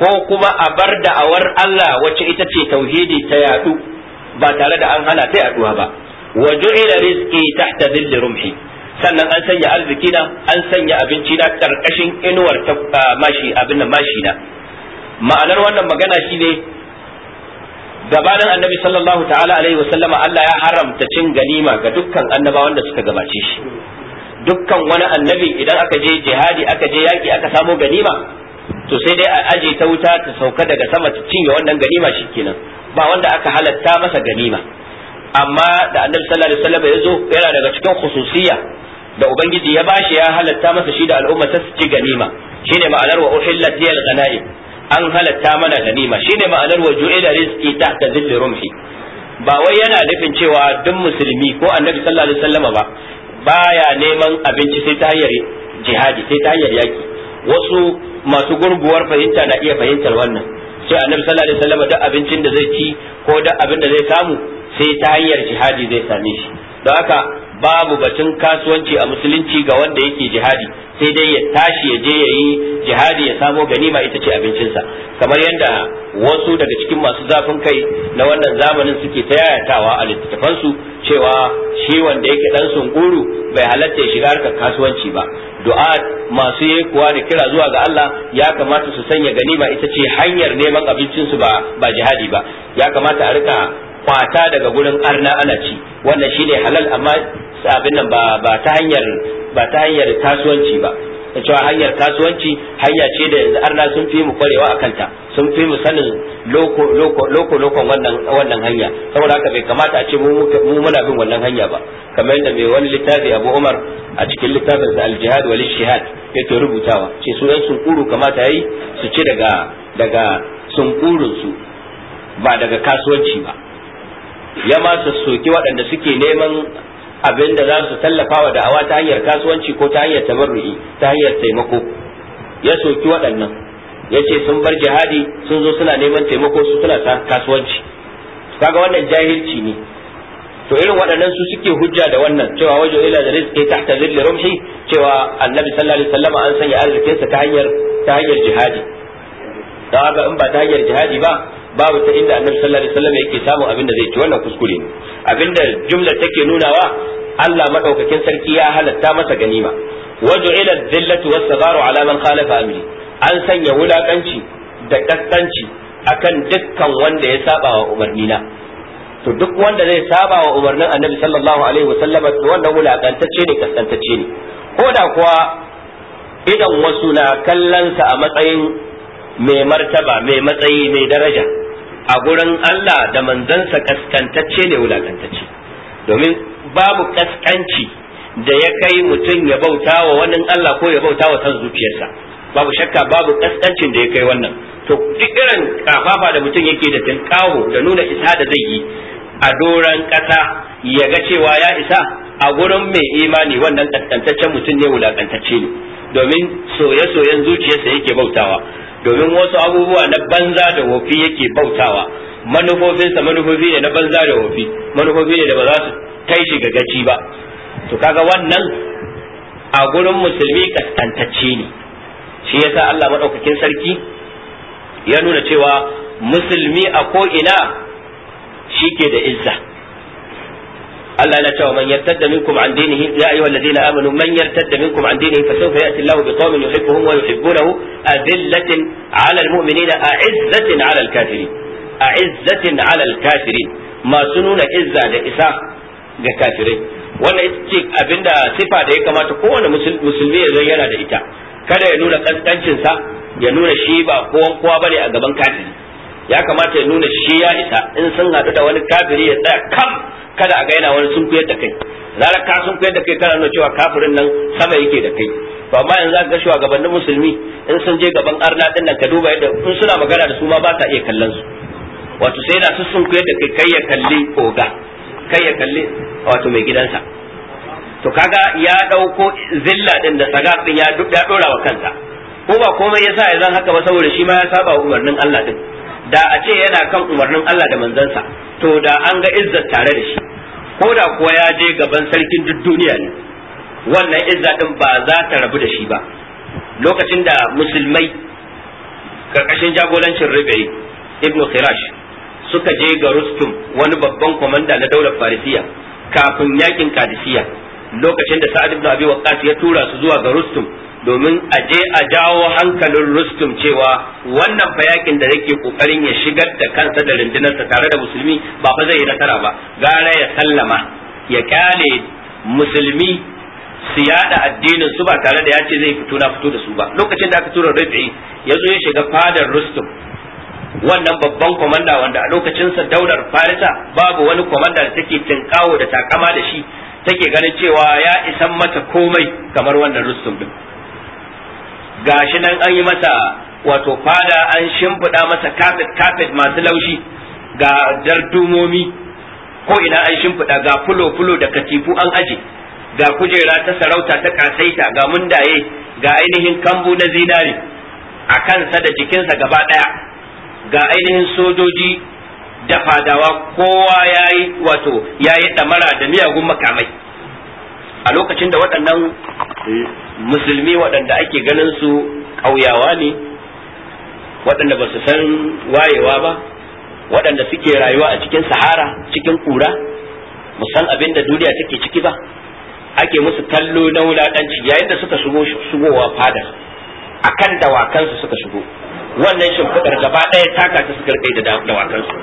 ko kuma a bar da awar Allah wacce ita ce tauhidi ta yadu ba tare da an hana ta yaduwa ba wa ju'ila rizqi tahta dhilli rumhi sannan an sanya arziki na an sanya abinci na karkashin inuwar mashi abin nan mashi na ma'anar wannan magana shine gabanin annabi sallallahu ta'ala alaihi wasallama Allah ya haramta cin ganima ga dukkan annabawan da suka gabace shi dukkan wani annabi idan aka je jihadi aka je yaki aka samo ganima to sai dai a aje ta wuta ta sauka daga sama ta cinye wannan ganima shikenan ba wanda aka halatta masa ganima amma da annabi sallallahu alaihi wasallam ya zo yana daga cikin khususiyya da ubangiji ya bashi ya halatta masa shi da al'umma ta ci ganima shine ma'anar wa uhillat liyal ghana'im an halatta mana ganima shine ma'anar wa ju'ila rizqi tahta dhilli rumhi ba wai yana nufin cewa duk musulmi ko annabi sallallahu alaihi wasallama ba baya neman abinci sai ta hanyar jihadi sai ta hanyar yaki wasu masu gurguwar fahimta na iya fahimtar wannan sai annabi sallallahu alaihi wasallam duk abincin da zai ci ko da abin da zai samu sai ta hanyar jihadi zai same shi don haka babu batun kasuwanci a musulunci ga wanda yake jihadi sai dai ya tashi ya je ya yi jihadi ya samo ganima ita ce abincinsa kamar yadda wasu daga cikin masu zafin kai na wannan zamanin suke ta yayatawa a littattafansu cewa shi wanda yake dan sunkuru bai halatta ya shiga harkar kasuwanci ba du'a masu yi kuwa da kira zuwa ga Allah ya kamata su sanya ganima ita ce hanyar neman abincinsu ba ba jihadi ba ya kamata a rika kwata daga gurin arna ana ci wannan shine halal amma abin nan ba ba ta hanyar ba ta hanyar kasuwanci ba da cewa hanyar kasuwanci hanya ce da yanzu arna sun fi mu kwarewa a kanta sun fi mu sanin loko loko wannan wannan hanya saboda haka bai kamata a ce mu muna bin wannan hanya ba kamar yadda mai wani littafi Abu Umar a cikin littafin sa Aljihad wal shihad yake rubutawa ce su yan sunkuru kamata yi su ci daga daga kurun su ba daga kasuwanci ba ya ma su soki waɗanda suke neman Abin da za su tallafa wa da'awa ta hanyar kasuwanci ko ta hanyar tabarru'i ta hanyar taimako ya soki waɗannan ya ce sun bar jihadi sun zo suna neman taimako su suna kasuwanci kaga wannan jahilci ne to irin waɗannan su suke hujja da wannan cewa wajo ila da rizqi tahta zilli rumhi cewa annabi sallallahu alaihi wasallam an sanya arzikinsa ta hanyar ta hanyar jihadi da haka in ba ta hanyar jihadi ba babu ta inda annabi sallallahu alaihi wasallam yake samun abin da zai ci wannan kuskure ne abinda jumla take nunawa Allah madaukakin sarki ya halatta masa ganima waj'ila dhillatu was-sabaru ala man khalafa amri an sanya wulakanci da kaskanci akan dukkan wanda ya saba wa umarnina to duk wanda zai saba wa umarnin annabi sallallahu alaihi wasallam to wannan wulakantacce ne kaskantacce ne ko da kuwa idan wasu na kallonsa a matsayin mai martaba mai matsayi mai daraja a gurin Allah da manzansa kaskantacce ne wulakantacce domin babu kaskanci da ya kai mutum ya bauta wa wani Allah ko ya bauta wa san zuciyarsa babu shakka babu kaskancin da ya kai wannan to duk irin kafafa da mutum yake da tilkawo da nuna isa da zai yi a doran kasa ya ga cewa ya isa a gurin mai imani wannan kaskantaccen mutum ne wulakantacce ne domin soye-soyen zuciyarsa yake bautawa domin wasu abubuwa na banza da wofi yake bautawa manufofinsa manufofi ne na banza da wofi manufofi ne da ba za su kai shi ga gaci ba to kaga wannan a gurin musulmi kaskantacce ne shi yasa Allah maɗaukakin sarki ya nuna cewa musulmi a ko'ina shi ke da izza Allah yana cewa man yartadda minkum an dinihi ya ayyuha alladhina amanu man yartadda minkum an dinihi fa sawfa nuna izza da isa ga kafirai wannan ita ce abinda sifa da ya kamata kowane musulmi ya yana da ita kada ya nuna ya nuna shi ba kowa a gaban kafiri ya kamata ya nuna shi ya isa in sun hadu da wani kafiri ya tsaya kam kada a gaina wani sun kuyar da kai zara ka sun kuyar da kai kana nuna cewa kafirin nan sama yake da kai to amma yanzu ga gabanin musulmi in sun je gaban arna din nan ka duba yadda in suna magana da su ma ba ta iya kallon su wato sai na su sun kuyar da kai kai ya kalli koga kai ya kalli wato mai gidansa to kaga ya dauko zilla din da tsaga din ya dora wa kansa ko ba komai yasa ya zan haka ba saboda shi ma ya saba umarnin Allah din da a ce yana kan umarnin Allah da manzansa to da an ga izzar tare da shi ko da kuwa ya je gaban sarkin duk duniya ne wannan izza din ba za ta rabu da shi ba lokacin da musulmai karkashin jagorancin Rabi'i ibn Khirash suka je ga Rustum wani babban komanda na daular Farisiya kafin yakin Kadisiya lokacin da sa'ad ibn abi waqqas ya tura su zuwa ga rustum domin a je a jawo hankalin rustum cewa wannan fayakin da yake kokarin ya shigar da kansa da rundunarsa tare da musulmi ba fa zai yi nasara ba gara ya sallama ya kyale musulmi su yada addinin su ba tare da ya ce zai fito na fito da su ba lokacin da aka tura rufi ya zo ya shiga fadar rustum wannan babban komanda wanda a lokacinsa daular farisa babu wani komanda da take tinkawo da takama da shi take ganin cewa ya isan mata komai kamar wannan rustum din gashi nan an yi masa wato fada an shimfiɗa masa kafet kafet masu laushi ga dardumomi ko ina an shimfiɗa ga fulo fulo da katifu an aje ga kujera ta sarauta ta kasaita ga mundaye ga ainihin kambu na zinari a kansa da jikinsa gaba ɗaya ga ainihin sojoji da fadawa kowa ya yi wato ya yi ɗamara da miyagun makamai a lokacin da waɗannan eh, musulmi waɗanda ake ganin su ƙauyawa ne waɗanda ba su san wayewa ba waɗanda suke rayuwa a cikin sahara cikin ƙura musan abin da duniya take ciki ba ake musu kallo na wulaɗanci yayin da suka shigo shigowa fada akan dawakansu suka shigo wannan shimfidar gaba ɗaya taka ta suka rike da dawakansu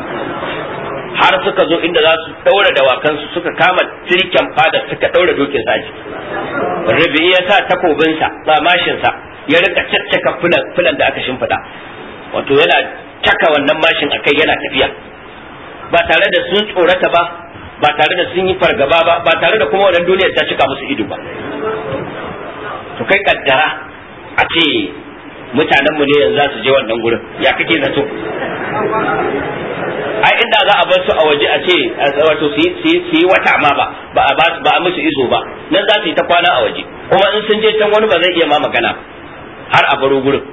har suka zo inda za su daura dawakansu suka kama tirken fada suka daura dokin sa ji ya sa takobinsa ba mashinsa ya rika caccaka fulan da aka shimfida wato yana caka wannan mashin akai yana tafiya ba tare da sun tsorata ba ba tare da sun yi fargaba ba ba tare da kuma wannan duniyar ta cika musu ido ba to kai kaddara a ce mutanen mu ne yanzu za su je wannan gurin ya kake zato ai inda za a bar su a waje a ce wato su yi wata ma ba ba a ba a musu iso ba nan za su yi ta kwana a waje kuma in sun je can wani ba zai iya ma magana har a baro gurin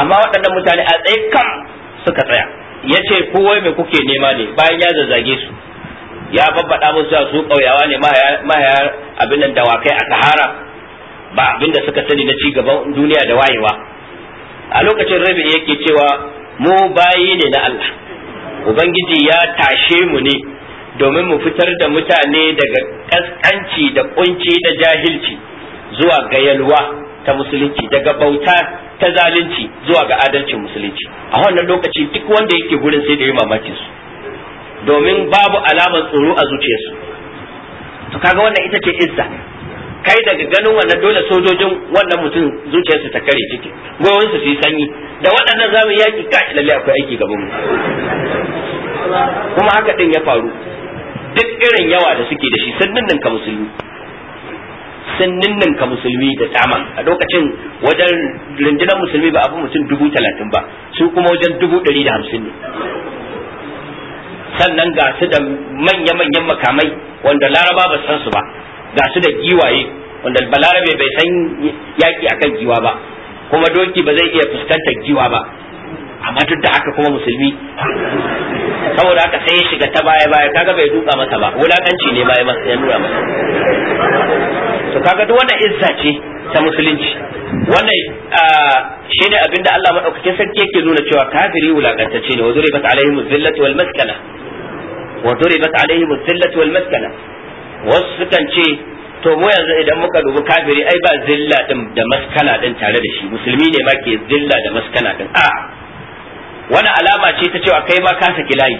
amma waɗannan mutane a tsaye kam suka tsaya ya ce kowai me kuke nema ne bayan ya zazzage su ya babbaɗa musu su kauyawa ne mahaya abin nan dawakai a sahara ba abinda suka sani na ci gaban duniya da wayewa a lokacin rabi yake cewa mu bayi ne na Allah ubangiji ya tashe mu ne domin mu fitar da mutane daga kaskanci da kunci da jahilci zuwa ga yalwa ta musulunci daga bauta ta zalunci zuwa ga adalcin musulunci a wannan lokaci duk wanda yake gurin sai da yi mamaki su domin babu alamar tsoro a zuciyarsu to kaga wannan ita ce izza kai daga ganin wannan dole sojojin wannan mutum zuciyarsa ta kare ciki gwiwansa su yi sanyi da waɗannan zamu yaki kai lalle akwai aiki gaban mu kuma haka din ya faru duk irin yawa da suke da shi sun ka musulmi sun ka musulmi da tsaman a lokacin wajen rundunar musulmi ba abu mutum dubu talatin ba su kuma wajen dubu ɗari da hamsin ne sannan ga su da manya-manyan makamai wanda laraba ba san su ba ga su da giwaye wanda balarabe bai san yaki akan giwa ba kuma doki ba zai iya fuskantar giwa ba amma duk da haka kuma musulmi saboda haka sai ya shiga ta baya baya kaga bai duka masa ba wulakanci ne baya masa ya nuna masa to kaga duk wannan izza ce ta musulunci wannan shi ne abinda Allah madaukakin sarki yake nuna cewa kafiri wulakantacce ne wa zuribat alaihim zillatu wal maskana wa zuribat alaihim zillatu wal maskana wasu sukan ce to mu yanzu idan muka dubi kafiri ai ba zilla din da maskana din tare da shi musulmi ne ma ke zilla da maskana din a wani alama ce ta cewa kai ma ka saki layi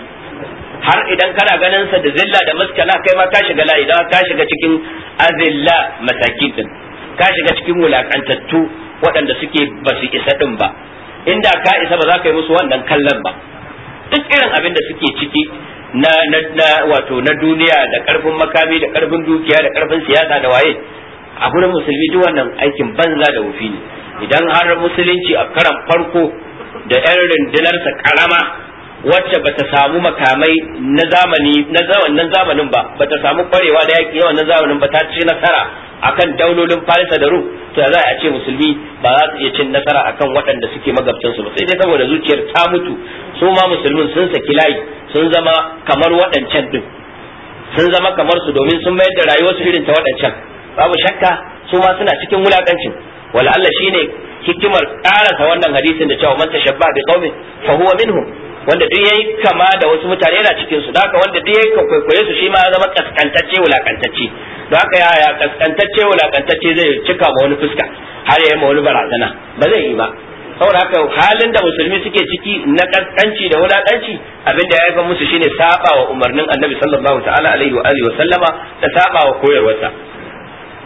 har idan kana ganin sa da zilla da maskana kai ma ka shiga layi dan ka shiga cikin azilla masakin din ka shiga cikin wulakantattu waɗanda suke ba su isa din ba inda ka isa ba za ka yi musu wannan kallon ba duk irin abin da suke ciki na na wato na duniya da karfin makami da karfin dukiya da karfin siyasa da waye a gurin musulmi duk wannan aikin banza da wufi ne idan har musulunci a karan farko da yan rundunarsa karama wacce bata samu makamai na zamani na zamanin zamanin ba bata samu kwarewa da yaki yawan na zamanin ba ta ci nasara akan daulolin Farisa da Rum to za a ce musulmi ba za su iya cin nasara akan waɗanda suke magabcin su ba sai dai saboda zuciyar ta mutu su ma musulmin sun saki layi sun zama kamar waɗancan din sun zama kamar su domin sun mayar da rayuwarsu irin ta waɗancan babu shakka su ma suna cikin wulakancin wala Allah shine hikimar karasa wannan hadisin da cewa man tashabba bi qaumin fa huwa minhum wanda duk yayi kama da wasu mutane yana cikin su haka wanda duk yayi kwaikwaye su shi ma zama kaskantacce wulakantacce don haka ya ya kaskantacce wulakantacce zai cika ma wani fuska har ya yi ma wani barazana ba zai yi ba saboda haka halin da musulmi suke ciki na kaskanci da wulakanci abin da ya haifa musu shine saba wa umarnin annabi sallallahu ta'ala alaihi wa alihi wa sallama da saba wa koyarwarsa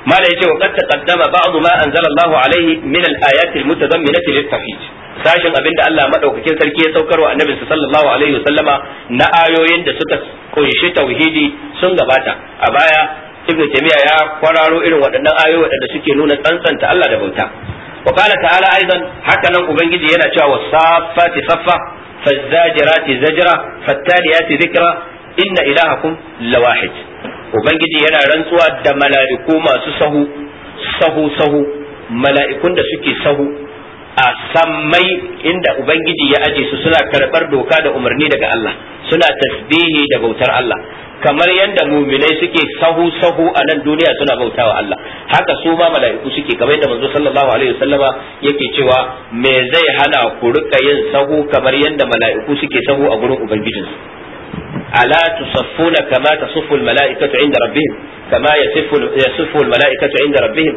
ما لا يجي وقد تقدم بعض ما أنزل الله عليه من الآيات المتضمنة للتوحيد sashin abin da Allah madaukakin sarki ya saukarwa annabi sallallahu alaihi wasallama na ayoyin da suka kunshi tauhidi sun gabata a baya ibnu taymiya ya kwararo irin waɗannan ayoyi waɗanda suke nuna tsantsanta Allah da bauta wa qala ta'ala aidan haka nan ubangiji yana cewa wasafati saffa fazzajirati zajra fattaliyati dhikra inna ilahakum lawahid ubangiji yana rantsuwa da mala'iku masu sahu sahu sahu mala'ikun da suke sahu a sammai inda ubangiji ya aje su suna karɓar doka da umarni daga Allah suna tasbihi da bautar Allah kamar yadda muminai suke sahu sahu a nan duniya suna bautawa Allah haka su ma mala'iku suke kamar yadda manzo sallallahu alaihi wasallama yake cewa me zai hana ku rika yin sahu kamar yadda mala'iku suke sahu a gurin ubangijinsu ala tusaffuna kama tasuffu almala'ikatu inda rabbihim kama yasuffu almala'ikatu inda rabbihim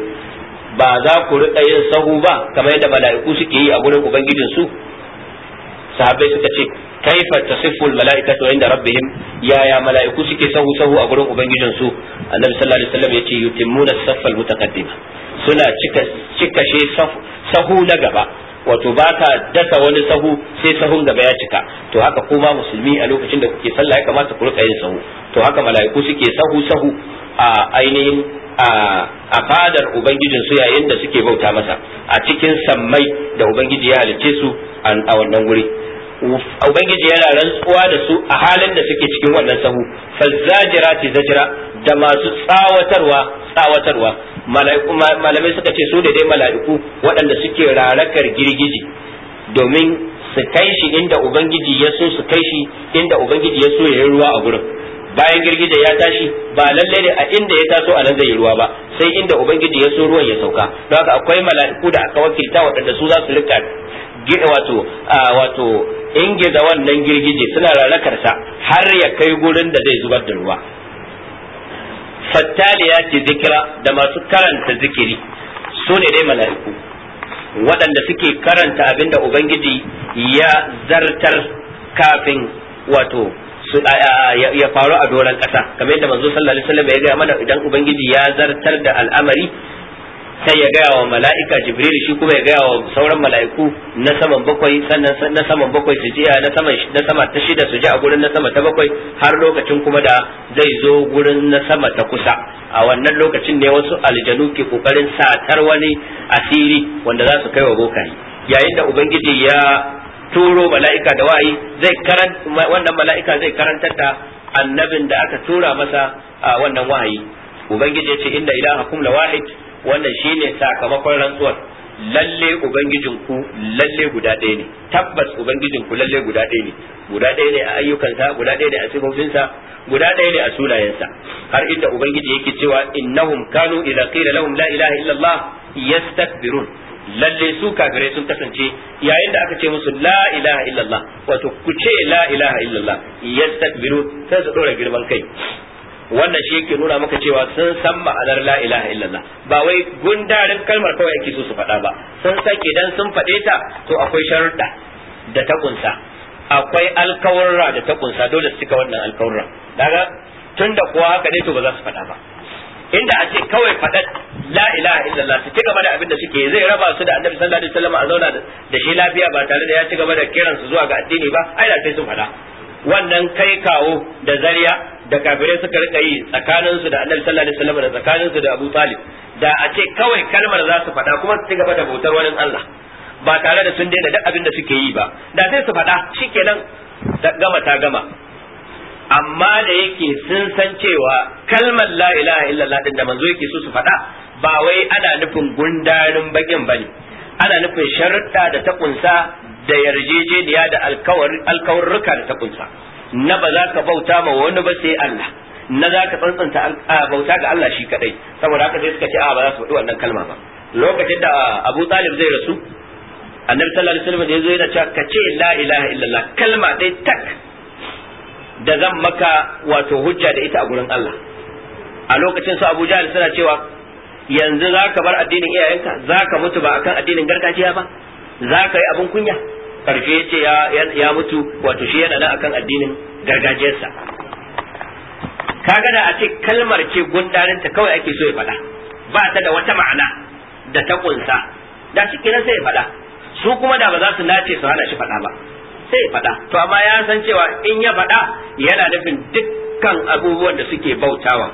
ba za ku riƙa yin sahu ba kamar yadda mala'iku suke yi a gurin ubangijin su sahabbai suka ce kaifa tasiffu almala'ikatu inda rabbihim yaya mala'iku suke sahu sahu a gurin ubangijin su annabi sallallahu alaihi wasallam yace yutimmuna as-saffa al-mutaqaddima suna cikashe sahu na gaba wato ba ka dasa wani sahu sai sahun gaba ya cika to haka ko ba musulmi a lokacin da kuke sallah ya kamata ku rika yin sahu to haka mala'iku suke sahu sahu a ainihin a fadar ubangijin su yayin da suke bauta masa a cikin sammai da ubangiji ya halice su a wannan guri ubangiji yana rantsuwa da su a halin da suke cikin wannan sahu fazzajira ce zajira da masu tsawatarwa tsawatarwa malamai suka ce su da dai mala'iku waɗanda suke rarakar girgije domin su kai shi inda ubangiji ya so su kai shi inda ubangiji ya so ya yi ruwa a gurin bayan girgije ya tashi ba lallai ne a inda ya taso a nan zai yi ruwa ba sai inda ubangiji ya so ruwan ya sauka don haka akwai mala'iku da aka wakilta waɗanda su za su rika wato wato ingiza wannan girgije suna rarakarsa har ya kai gurin da zai zubar da ruwa fattaliya ce zikira da masu karanta zikiri su ne dai mala'iku waɗanda suke karanta abinda ubangiji ya zartar kafin wato su ya faru a doron ƙasa kamar yadda manzo sallallahu alaihi wasallam ya gaya mana idan ubangiji ya zartar da al'amari sai ya gaya wa mala'ika jibril shi kuma ya gaya wa sauran mala'iku na saman bakwai sannan na saman bakwai su jiya na saman na sama ta shida su ji a gurin na sama ta bakwai har lokacin kuma da zai zo gurin na sama ta kusa a wannan lokacin ne wasu aljanu ke kokarin satar wani asiri wanda za su kai wa bokari yayin da ubangiji ya turo mala'ika da wa'i zai karanta wannan mala'ika zai karantar da annabin da aka tura masa a wannan wahayi ubangiji ya ce ilaha kum la wahid wannan shine sakamakon rantsuwar lalle ubangijin ku lalle guda ɗaya ne tabbas ubangijin ku lalle guda ɗaya ne guda ɗaya ne a ayyukansa guda ɗaya ne a sifofinsa guda ɗaya ne a sunayensa har inda ubangiji yake cewa innahum kanu idza qila lahum la ilaha illallah yastakbirun lalle su kafirai sun kasance yayin da aka ce musu la ilaha illallah wato ku ce la ilaha illallah yastakbirun sai su dora girman kai wannan shi yake nuna maka cewa sun san ma'anar la ilaha illallah ba wai gundarin kalmar kawai ake so su faɗa ba sun san idan sun faɗe ta to akwai sharuɗa da ta kunsa akwai alkawarra da ta kunsa dole su cika wannan alkawarra daga tunda kuwa haka ne to ba za su faɗa ba inda a ce kawai faɗa la ilaha illallah su ci gaba da abin da suke zai raba su da annabi sallallahu alaihi wasallam a zauna da shi lafiya ba tare da ya ci gaba da kiran su zuwa ga addini ba ai da sai sun faɗa wannan kai kawo da zariya da kafirai suka rika yi tsakanin su da Annabi sallallahu alaihi wasallam da tsakanin su da Abu Talib da a ce kawai kalmar za su faɗa kuma su ci gaba da bautar wani Allah ba tare da sun daina duk abin da suke yi ba da sai su faɗa shikenan ta gama ta gama amma da yake sun san cewa kalmar la ilaha illallah din da manzo yake so su faɗa ba wai ana nufin gundarin bakin bane ana nufin sharuɗa da ta kunsa da yarjejeniya da alkawarruka da ta kunsa na ba za ka bauta ma wani ba sai Allah na za ka tsantsanta bauta ga Allah shi kadai saboda haka sai suka ce a ba za su faɗi wannan kalma ba lokacin da Abu Talib zai rasu annabi sallallahu alaihi wasallam da yazo yana cewa ka ce la ilaha illallah kalma dai tak da zan maka wato hujja da ita a gurin Allah a lokacin su Abu Jahl suna cewa yanzu za ka bar addinin iyayenka za ka mutu ba akan addinin gargajiya ba za ka yi abin kunya karfe ya ce ya mutu wato shi yana nan akan addinin gargajiyarsa kaga da a ce kalmar ce gundarinta kawai ake so ya faɗa ba ta da wata ma'ana da ta kunsa da shi sai ya faɗa su kuma da ba za su nace su hana shi faɗa ba sai ya faɗa to amma ya san cewa in ya faɗa yana nufin dukkan abubuwan da suke bautawa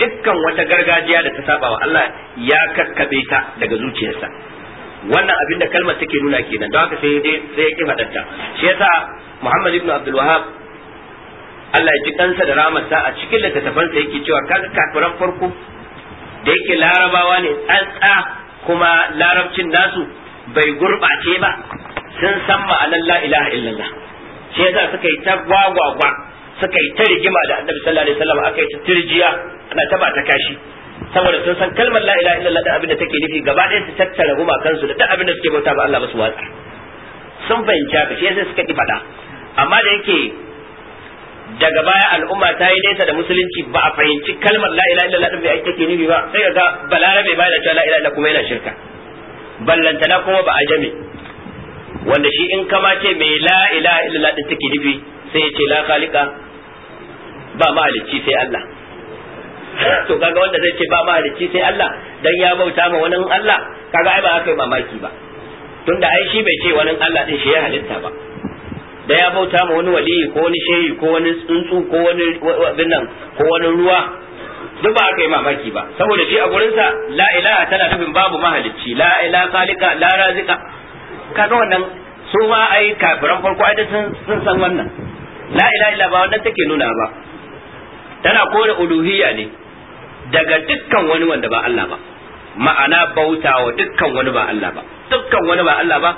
dukkan wata gargajiya da ta saba wa Allah ya kakkabe ta daga zuciyarsa wannan abin da kalmar take nuna kenan don haka sai sai ke fadanta shi yasa Muhammad ibn Abdul Wahhab Allah ya ji kansa da ramarsa a cikin littattafansa yake cewa kaga kafiran farko da yake larabawa ne tsantsa kuma larabcin nasu bai gurbace ba sun san ma'anar la ilaha illallah shi yasa suka yi ta gwagwagwa suka yi ta rigima da annabi sallallahu alaihi wasallam aka yi ta tirjiya ana ta ta kashi saboda sun san kalmar la ilaha illallah da abin da take nufi gaba ɗaya su tattara gumakansu su da duk abin da suke bauta ba Allah ba su watsa sun fahimci haka shi yasa suka ki faɗa amma da yake daga baya al'umma ta yi nesa da musulunci ba a fahimci kalmar la ilaha illallah din bai take nufi ba sai ga balarabe ba da cewa la ilaha kuma yana shirka ballantana kuma ba a jami wanda shi in kama ce mai la ilaha illallah din take nufi sai ya ce la khaliqa ba malici sai Allah to kaga wanda zai ce ba mahalicci sai Allah dan ya bauta ma wani Allah kaga ai ba aka yi mamaki ba tunda ai shi bai ce wani Allah din shi ya halitta ba da ya bauta ma wani wali ko wani shehi ko wani tsuntsu ko wani abin nan ko wani ruwa duk ba aka yi mamaki ba saboda shi a gurinsa la ilaha tana nufin babu mahalicci la ilaha khaliqa la razika kaga wannan su ma ai kafiran farko ai sun san wannan la ilaha illa ba wannan take nuna ba tana kore uluhiyya ne daga dukkan wani wanda ba Allah ba ma'ana bauta wa dukkan wani ba Allah ba dukkan wani ba Allah ba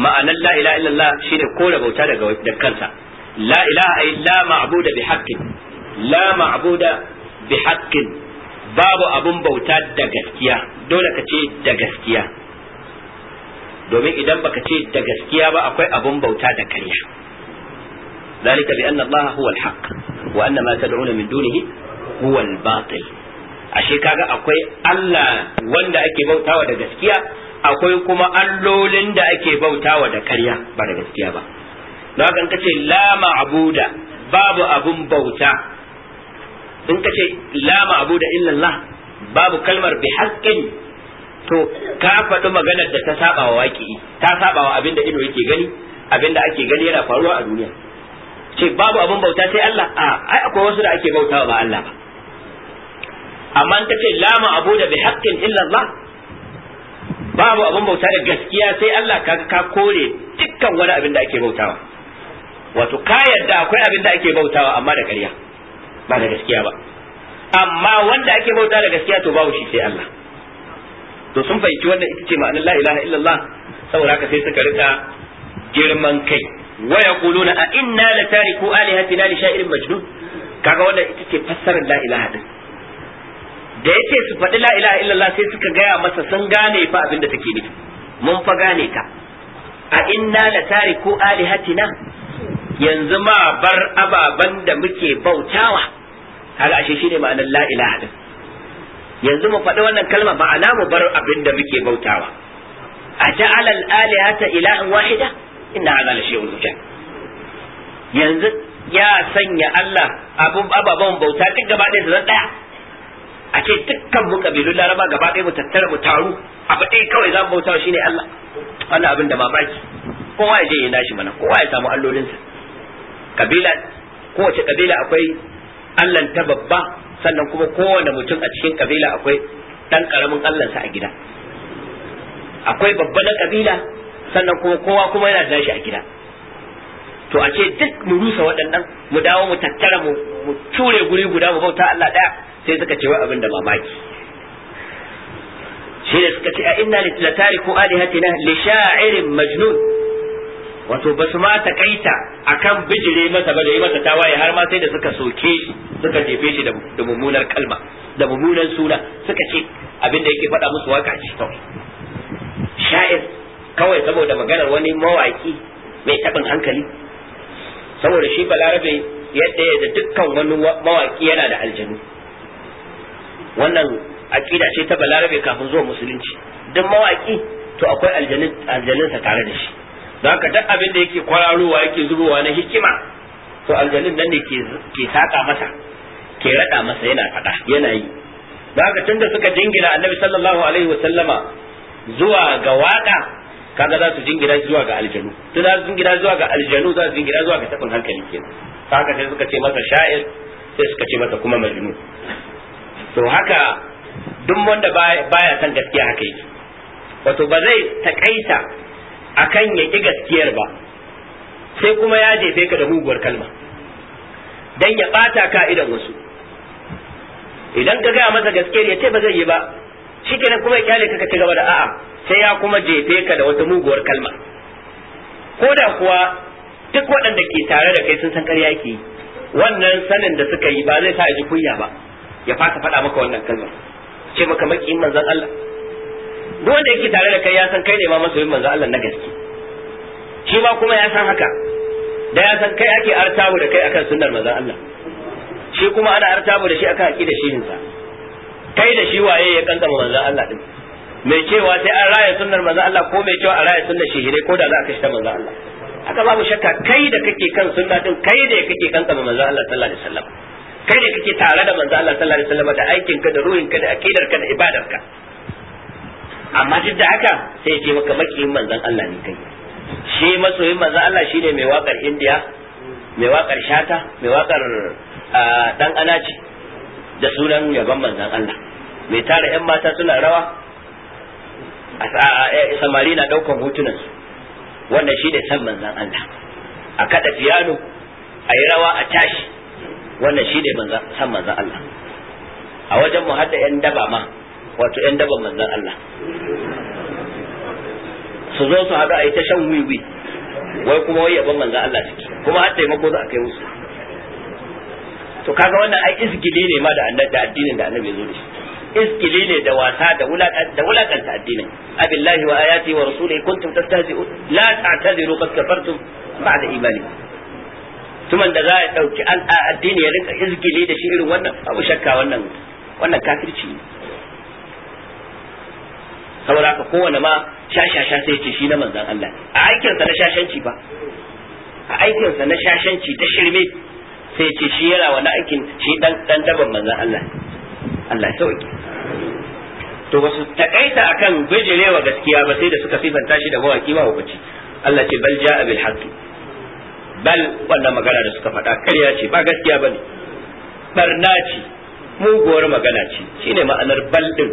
ma'anar la ilaha illallah shine kore bauta daga da kansa la ilaha illa ma'buda bi haqqin la ma'buda bi haqqin babu abun bauta da gaskiya dole ka ce da gaskiya domin idan baka ce da gaskiya ba akwai abun bauta da kare ƙarya ذلك بأن الله هو الحق وأن ما تدعون من دونه هو الباطل ashe kaga akwai Allah wanda ake bautawa da gaskiya akwai kuma allolin da ake bautawa da karya ba da gaskiya ba don haka in ka ce la ma'buda babu abun bauta in ka ce la ma'buda illallah babu kalmar bi haqqin to ka faɗi maganar da ta saba wa waƙi ta saba wa abinda ido yake gani abinda ake gani yana faruwa a duniya ce babu abun bauta sai Allah a ai akwai wasu da ake bautawa ba Allah ba amma in kace la ma'budu bi haqqin illa Allah babu abin bauta da gaskiya sai Allah kaga ka kore dukkan wani abin da ake bautawa wato ka yadda akwai abin da ake bautawa amma da ƙarya ba da gaskiya ba amma wanda ake bauta da gaskiya to babu shi sai Allah to sun fahimci wannan ita ce ma'anar la ilaha illallah saboda haka sai suka rika girman kai wa yaquluna a inna la tariku alihatina li sha'irin majnun kaga wannan ita ce fassarar la ilaha din da yake su faɗi la ilaha illallah sai suka gaya masa sun gane fa abin da take nufi mun fa gane ka a inna la tariku alihatina yanzu ma bar ababan da muke bautawa kaga ashe shine ma'anar la ilaha din yanzu mu faɗi wannan kalma ma'ana mu bar abin da muke bautawa a ja'ala al-alihata ilahan wahida inna ala la shay'un ujab yanzu ya sanya Allah abun ababan bauta duk gaba ɗaya su ɗaya a ce dukkan mu kabilun laraba gaba ɗaya mu tattara mu taru a faɗe kawai za mu bauta shi ne Allah wannan abin da mamaki kowa ya je ya nashi mana kowa ya samu allolinsa kabila kowace kabila akwai Allah ta babba sannan kuma kowane mutum a cikin kabila akwai dan karamin Allahnsa a gida akwai babba na kabila sannan kuma kowa kuma yana da nashi a gida to a ce duk mu rusa waɗannan mu dawo mu tattara mu ture guri guda mu bauta Allah ɗaya sai suka ce wa abin da mamaki shi da suka ce a inna la tariku alihatina li sha'irin majnun wato basu ma takaita akan bijire masa ba da yi masa tawaye har ma sai da suka soke shi suka jefe shi da mummunar kalma da mummunan suna suka ce abin da yake faɗa musu waka ce kawai sha'ir kawai saboda maganar wani mawaki mai taɓin hankali saboda shi balarabe yadda da dukkan wani mawaki yana da aljanu wannan aqida ce ta balarabe kafin zuwa musulunci duk mawaki to akwai aljanin tare da shi don haka duk abin da yake kwararowa yake zubowa na hikima to aljanin nan ne ke ke saka masa ke rada masa yana fada yana yi don haka tunda suka jingina annabi sallallahu alaihi wa sallama zuwa ga waka kaga za su jingina zuwa ga aljanu to za su jingina zuwa ga aljanu za su jingina zuwa ga tabin hankali kenan haka sai suka ce masa sha'ir sai suka ce masa kuma majnun to haka duk wanda baya son gaskiya haka yake wato ba zai takaita akan ya ƙi gaskiyar ba sai kuma ya jefe ka da muguwar kalma dan ya ɓata ka idan wasu idan ka gaya masa gaskiyar ya ce ba zai yi ba shikenan kuma ya kyale ka ci gaba da a'a sai ya kuma jefe ka da wata muguwar kalma ko da kuwa duk waɗanda ke tare da kai sun san ƙarya ke wannan sanin da suka yi ba zai sa a ji kunya ba ya fasa faɗa maka wannan kalma ce maka makiyin manzon Allah duk wanda yake tare da kai ya san kai ne ma masoyin manzon Allah na gaske shi ma kuma ya san haka da ya san kai ake artabu da kai akan sunnar manzon Allah shi kuma ana artabu da shi akan aqidar shirinsa kai da shi waye ya kankama manzon Allah din mai cewa sai an raya sunnar manzon Allah ko mai cewa a raya sunnar shihirai ko da za a kashe ta manzon Allah haka babu shakka kai da kake kan sunna din kai da kake kankama manzon Allah sallallahu alaihi wasallam kai ne kake tare da manzo Allah sallallahu alaihi wasallam da aikin ka da ruhin ka da akidar ka da ibadar ka amma duk da haka sai ce maka makiyin manzon Allah ne kai shi masoyin manzon Allah shine mai wakar India mai wakar Shata mai wakar dan Anaci da sunan yaban manzon Allah mai tara yan mata suna rawa A samari na daukan hotunan su wannan shi da san manzan Allah a kada fiyano a yi rawa a tashi wannan shi ne san manzan Allah a wajen mu hada 'yan daba ma wato 'yan daban manzan Allah su zo su haɗu a yi ta shan wiwi wai kuma wai yaban manzan Allah ciki kuma har taimako za a kai musu to kaga wannan ai izgili ne ma da annabi da addinin da annabi ya zo da shi izgili ne da wasa da da wulakanta addinin abillahi wa ayati wa rasulihi kuntum tastahzi'un la ta'tadiru qad kafartum ba'da imanikum mutumin da za a dauki addini ya rika izgili da shi irin wannan abu shakka wannan wannan kafirci ne saboda haka kowane ma shashasha sai ce shi na manzan Allah a aikinsa na shashanci ba a aikinsa na shashanci da shirme sai ce shi yana wani aikin shi dan dan daban manzan Allah Allah sauki to ba su takaita akan bijirewa gaskiya ba sai da suka sifanta shi da mawaki ba hukunci Allah ce bal ja'a bil haqq bal wannan magana da suka faɗa karya ce ba gaskiya bane barna ce muguwar magana ce shine ma'anar bal din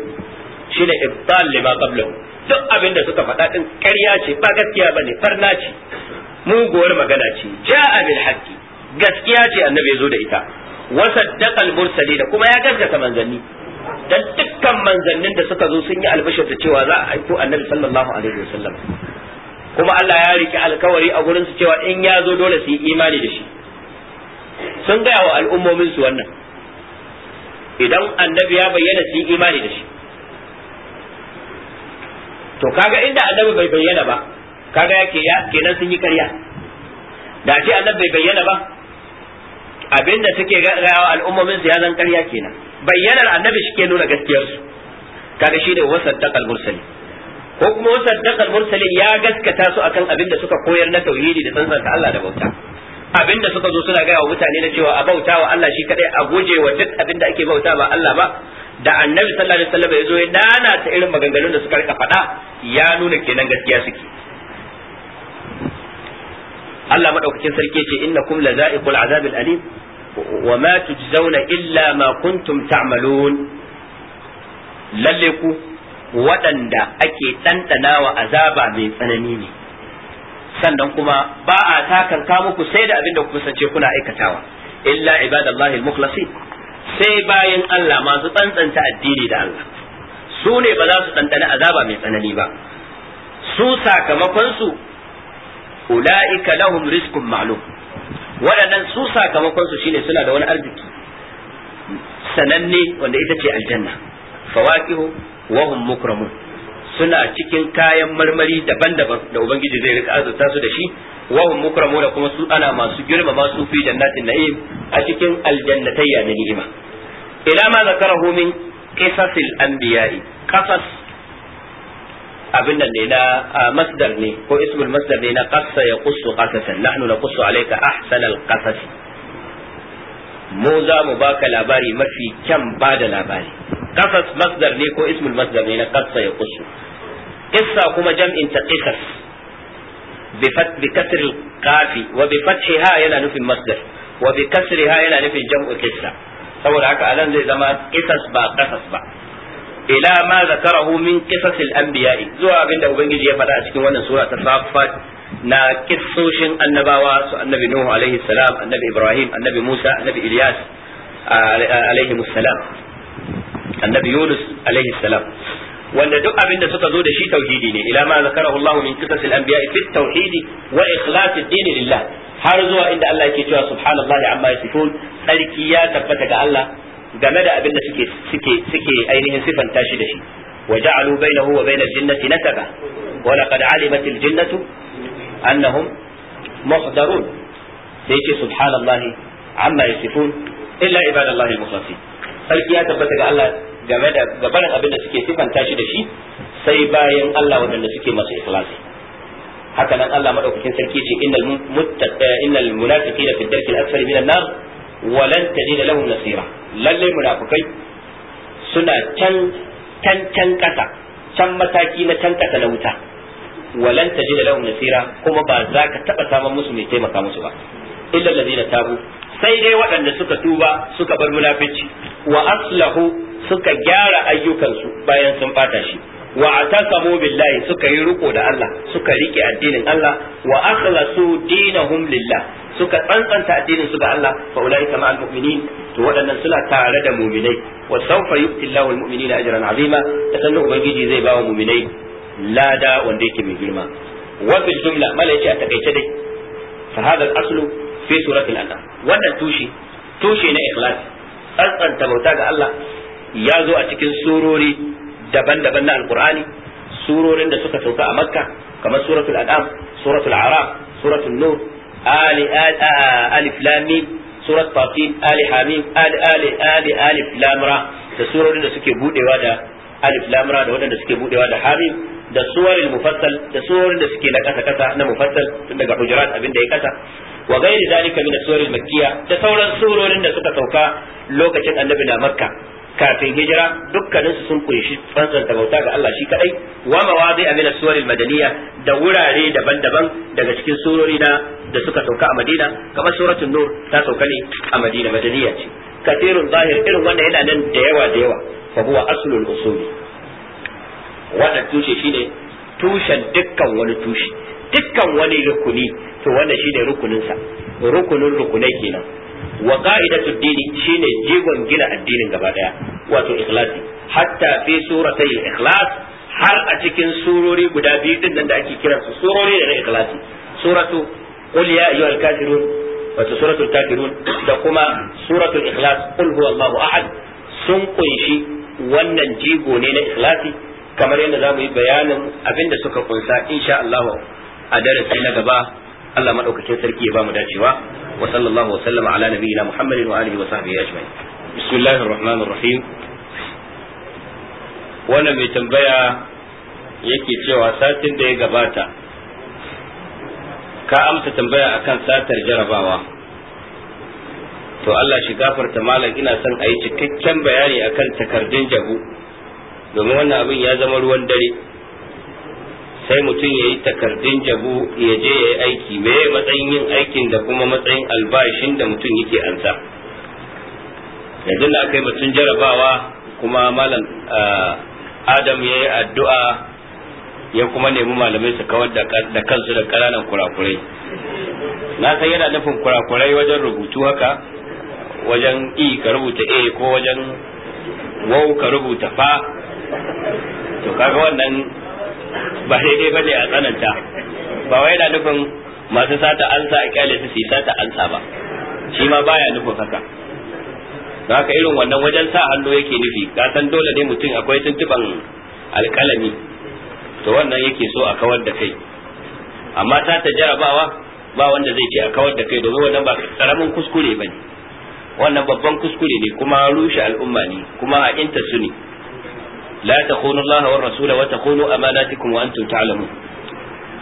shine ibtal lima qablahu duk abin da suka faɗa din karya ce ba gaskiya bane barna ce muguwar magana ce ja'a bil haqqi gaskiya ce annabi ya zo da ita saddaqa al da kuma ya gaskata manzanni dan dukkan manzannin da suka zo sun yi albashar da cewa za a aiko annabi sallallahu alaihi wasallam kuma Allah ya riki alkawari a gurin su cewa in ya zo dole su yi imani da shi sun gaya wa al'ummomin su wannan idan annabi ya bayyana su yi imani da shi to kaga inda annabi bai bayyana ba kaga yake ya kenan sun yi karya da ce annabi bai bayyana ba abinda suke gaya wa al'ummomin su ya zan karya kenan bayyanar annabi shi ke nuna gaskiyar su kaga shi ne wasaddaqal mursalin ko kuma wasaddaqal mursalin ya gaskata su akan abin da suka koyar na tauhidi da tsantsanta Allah da bauta abin da suka zo suna gaya wa mutane na cewa a bauta wa Allah shi kadai a guje wa duk abin da ake bauta ba Allah ba da annabi sallallahu alaihi wasallam ya zo ya dana ta irin maganganun da suka rika faɗa ya nuna kenan gaskiya suke Allah madaukakin sarki ce innakum lazaiqul azabil alim wa ma tujzauna illa ma kuntum ta'malun lalle ku waɗanda ake ɗanɗanawa azaba mai tsanani ne sannan kuma ba a takan muku sai da abin da ku kusance kuna aikatawa illa ibadallahi al-mukhlasin sai bayan Allah masu tsantsanta addini da Allah su ne ba za su ɗanɗana azaba mai tsanani ba su sakamakon su ula'ika lahum rizqun ma'lum waɗannan su sakamakon su shine suna da wani arziki sananne wanda ita ce aljanna fawaqihu Wahun mukramun suna cikin kayan marmari daban-daban da ubangiji zai rika azurta su da shi wa mukramun da kuma su ana masu girma masu fi jannatin na'im a cikin aljannatayya na ni'ima ila ma zakarahu min qisasil anbiya'i qasas abin nan ne na masdar ne ko ismul masdar ne na qassa yaqussu qasasan nahnu naqussu alayka ahsanal qasasi mu za mu baka labari mafi kyan ba da labari qasas masdar ne ko ismul masdar ne na qassa ya qusu qissa kuma jam'in ta qisas bi kasr kafi wa bi ha yana nufin masdar wa bi ha yana nufin jam'u qissa saboda haka anan zai zama qisas ba qasas ba ila ma zakarahu min qisas al-anbiya zuwa abinda ubangiji ya faɗa a cikin wannan sura ta safat na kissoshin annabawa su annabi Nuhu alaihi salam annabi Ibrahim annabi Musa annabi Ilyas alaihi salam annabi Yunus alaihi salam wanda duk abin da suka zo da shi tauhidi ne ila ma zakarahu Allah min qisas al-anbiya fi Tauhidi wa ikhlas ad lillah har zuwa inda Allah yake cewa subhanallahi amma yasifun sarki ya tabbata ga Allah game da abin da suke suke suke ainihin sifanta shi da shi وجعلوا بينه وبين الجنة نسبا ولقد علمت الجنة annahum muhdarun da yake subhanallahi amma yasifun illa ibadallahi al sarki ya tabbata ga Allah game da gabanin abin da suke sifanta shi da shi sai bayan Allah waɗanda suke masu ikhlasi haka nan Allah madaukakin sarki ce innal eh, innal munafiqina fi ad-darki al-asfali min an-nar wa lan tajida lahum nasira lalle munafikai suna can can can kasa can mataki na can kasa na wuta walan tajida lahum nasira kuma ba za ka taɓa saman musu mai taimaka musu ba illa tabu sai dai waɗanda suka tuba suka bar munafici wa aslahu suka gyara ayyukansu bayan sun bata shi wa atakamu billahi suka yi riko da Allah suka rike addinin Allah wa akhlasu dinahum lillah suka tsantsanta addinin su ga Allah fa kama al-muminin. to waɗannan suna tare da mu'minai wa sawfa yu'ti Allahu almu'minina ajran azima ta sannan ubangiji zai ba wa mu'minai lada wanda yake mai girma wa fil jumla mala yace a takaice dai fa hada al-aslu fi surati al-anam wannan tushe tushe na ikhlas tsantsanta bauta ga Allah ya zo a cikin surori daban-daban na alqur'ani surorin da suka sauka a makka kamar suratul an'am suratul araf suratul nur ali alif lam mim surat fatin ali hamim ali ali ali alif lam ra da surorin da suke budewa da alif lam ra da waɗanda suke budewa da hamim da suwarin mufassal da suwarin da suke na kasa kasa na mufassal tun daga hujurat abin da ya kasa wa gairi zalika min suwarin makkiya da sauran surorin da suka sauka lokacin annabi na makka kafin hijira dukkanin su sun kunshi tsantsanta bauta ga Allah shi kadai wa mawadi min as-suwar madaniya da wurare daban-daban daga cikin surori na da suka sauka a Madina kamar suratul nur ta sauka ne a Madina madaniya ce kathirun zahir irin wanda yana nan da yawa da yawa fa huwa aslul usuli wannan tushe shine tushen dukkan wani tushe dukkan wani rukuni to wannan shine rukuninsa rukunin rukunai kenan wa qa'idatu dini shine jigon gina addinin gaba daya wato ikhlasi hatta fi suratai ikhlas har a cikin surori guda biyu din nan da ake kiran su surori da ikhlasi suratu qul ya ayyuhal kafirun wato suratul kafirun da kuma suratul ikhlas qul huwallahu ahad sun kunshi wannan jigo ne na ikhlasi kamar yadda za mu yi bayanin abin da suka kunsa insha Allah a darasi na gaba Allah madaukakin sarki ya ba mu dacewa wa sallallahu wa sallama ala nabiyina Muhammadin wa alihi wa sahbihi ajma'in bismillahir rahmanir rahim wannan mai tambaya yake cewa satin da ya gabata ka amsa tambaya akan satar jarabawa to Allah shi gafarta malam ina son a yi cikakken bayani akan takardun jabu domin wannan abin ya zama ruwan dare sai mutum ya yi takardun jabu ya je ya yi aiki me matsayin yin aikin da kuma matsayin albashin da mutum yake ansa yanzu da aka yi batun jarabawa kuma malam adam ya yi addu'a ya kuma nemi malamai su kawar da kansu da ƙananan kurakurai na san yana nufin kurakurai wajen rubutu haka wajen i ka rubuta a ko wajen wau ka rubuta fa to kaga wannan ba daidai bane a tsananta ba wai da nufin masu sata ansa a kyale su su sata ansa ba shi ma baya nufin haka haka irin wannan wajen sa hannu yake nufi ka san dole ne mutum akwai tuntuban alkalami to wannan yake so a kawar da kai amma ta ta jarabawa ba wanda zai ce a kawar da kai domin wannan ba karamin kuskure ba ne. wannan babban kuskure ne kuma rushe al'umma ne kuma a inta su ne la takunu Allah wa rasula wa takunu amanatikum wa antum ta'lamun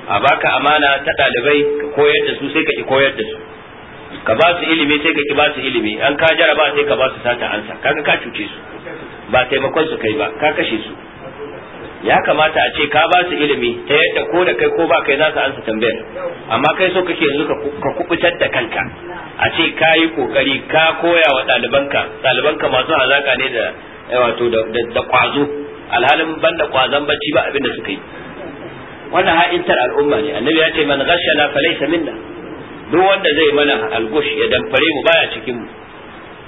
a baka amana ta dalibai ka koyar da su sai ka ki koyar da su ka ba su ilimi sai ka ki ba su ilimi an ka jaraba sai ka ba su sata ansa kaga ka cuce su ba taimakon su kai ba ka kashe su ya kamata a ce ka ba su ilimi ta yadda ko da kai ko ba kai za su ansa tambayar amma kai so kake yanzu ka kubutar da kanka a ce ka yi kokari ka koya wa ɗalibanka ɗalibanka masu hazaka ne da eh, wato da kwazo alhalin banda kwazan bacci ba abinda suka yi wannan ha'intar al'umma ne annabi ya ce man ghashana falaysa minna duk wanda zai mana algush ya damfare mu baya cikin mu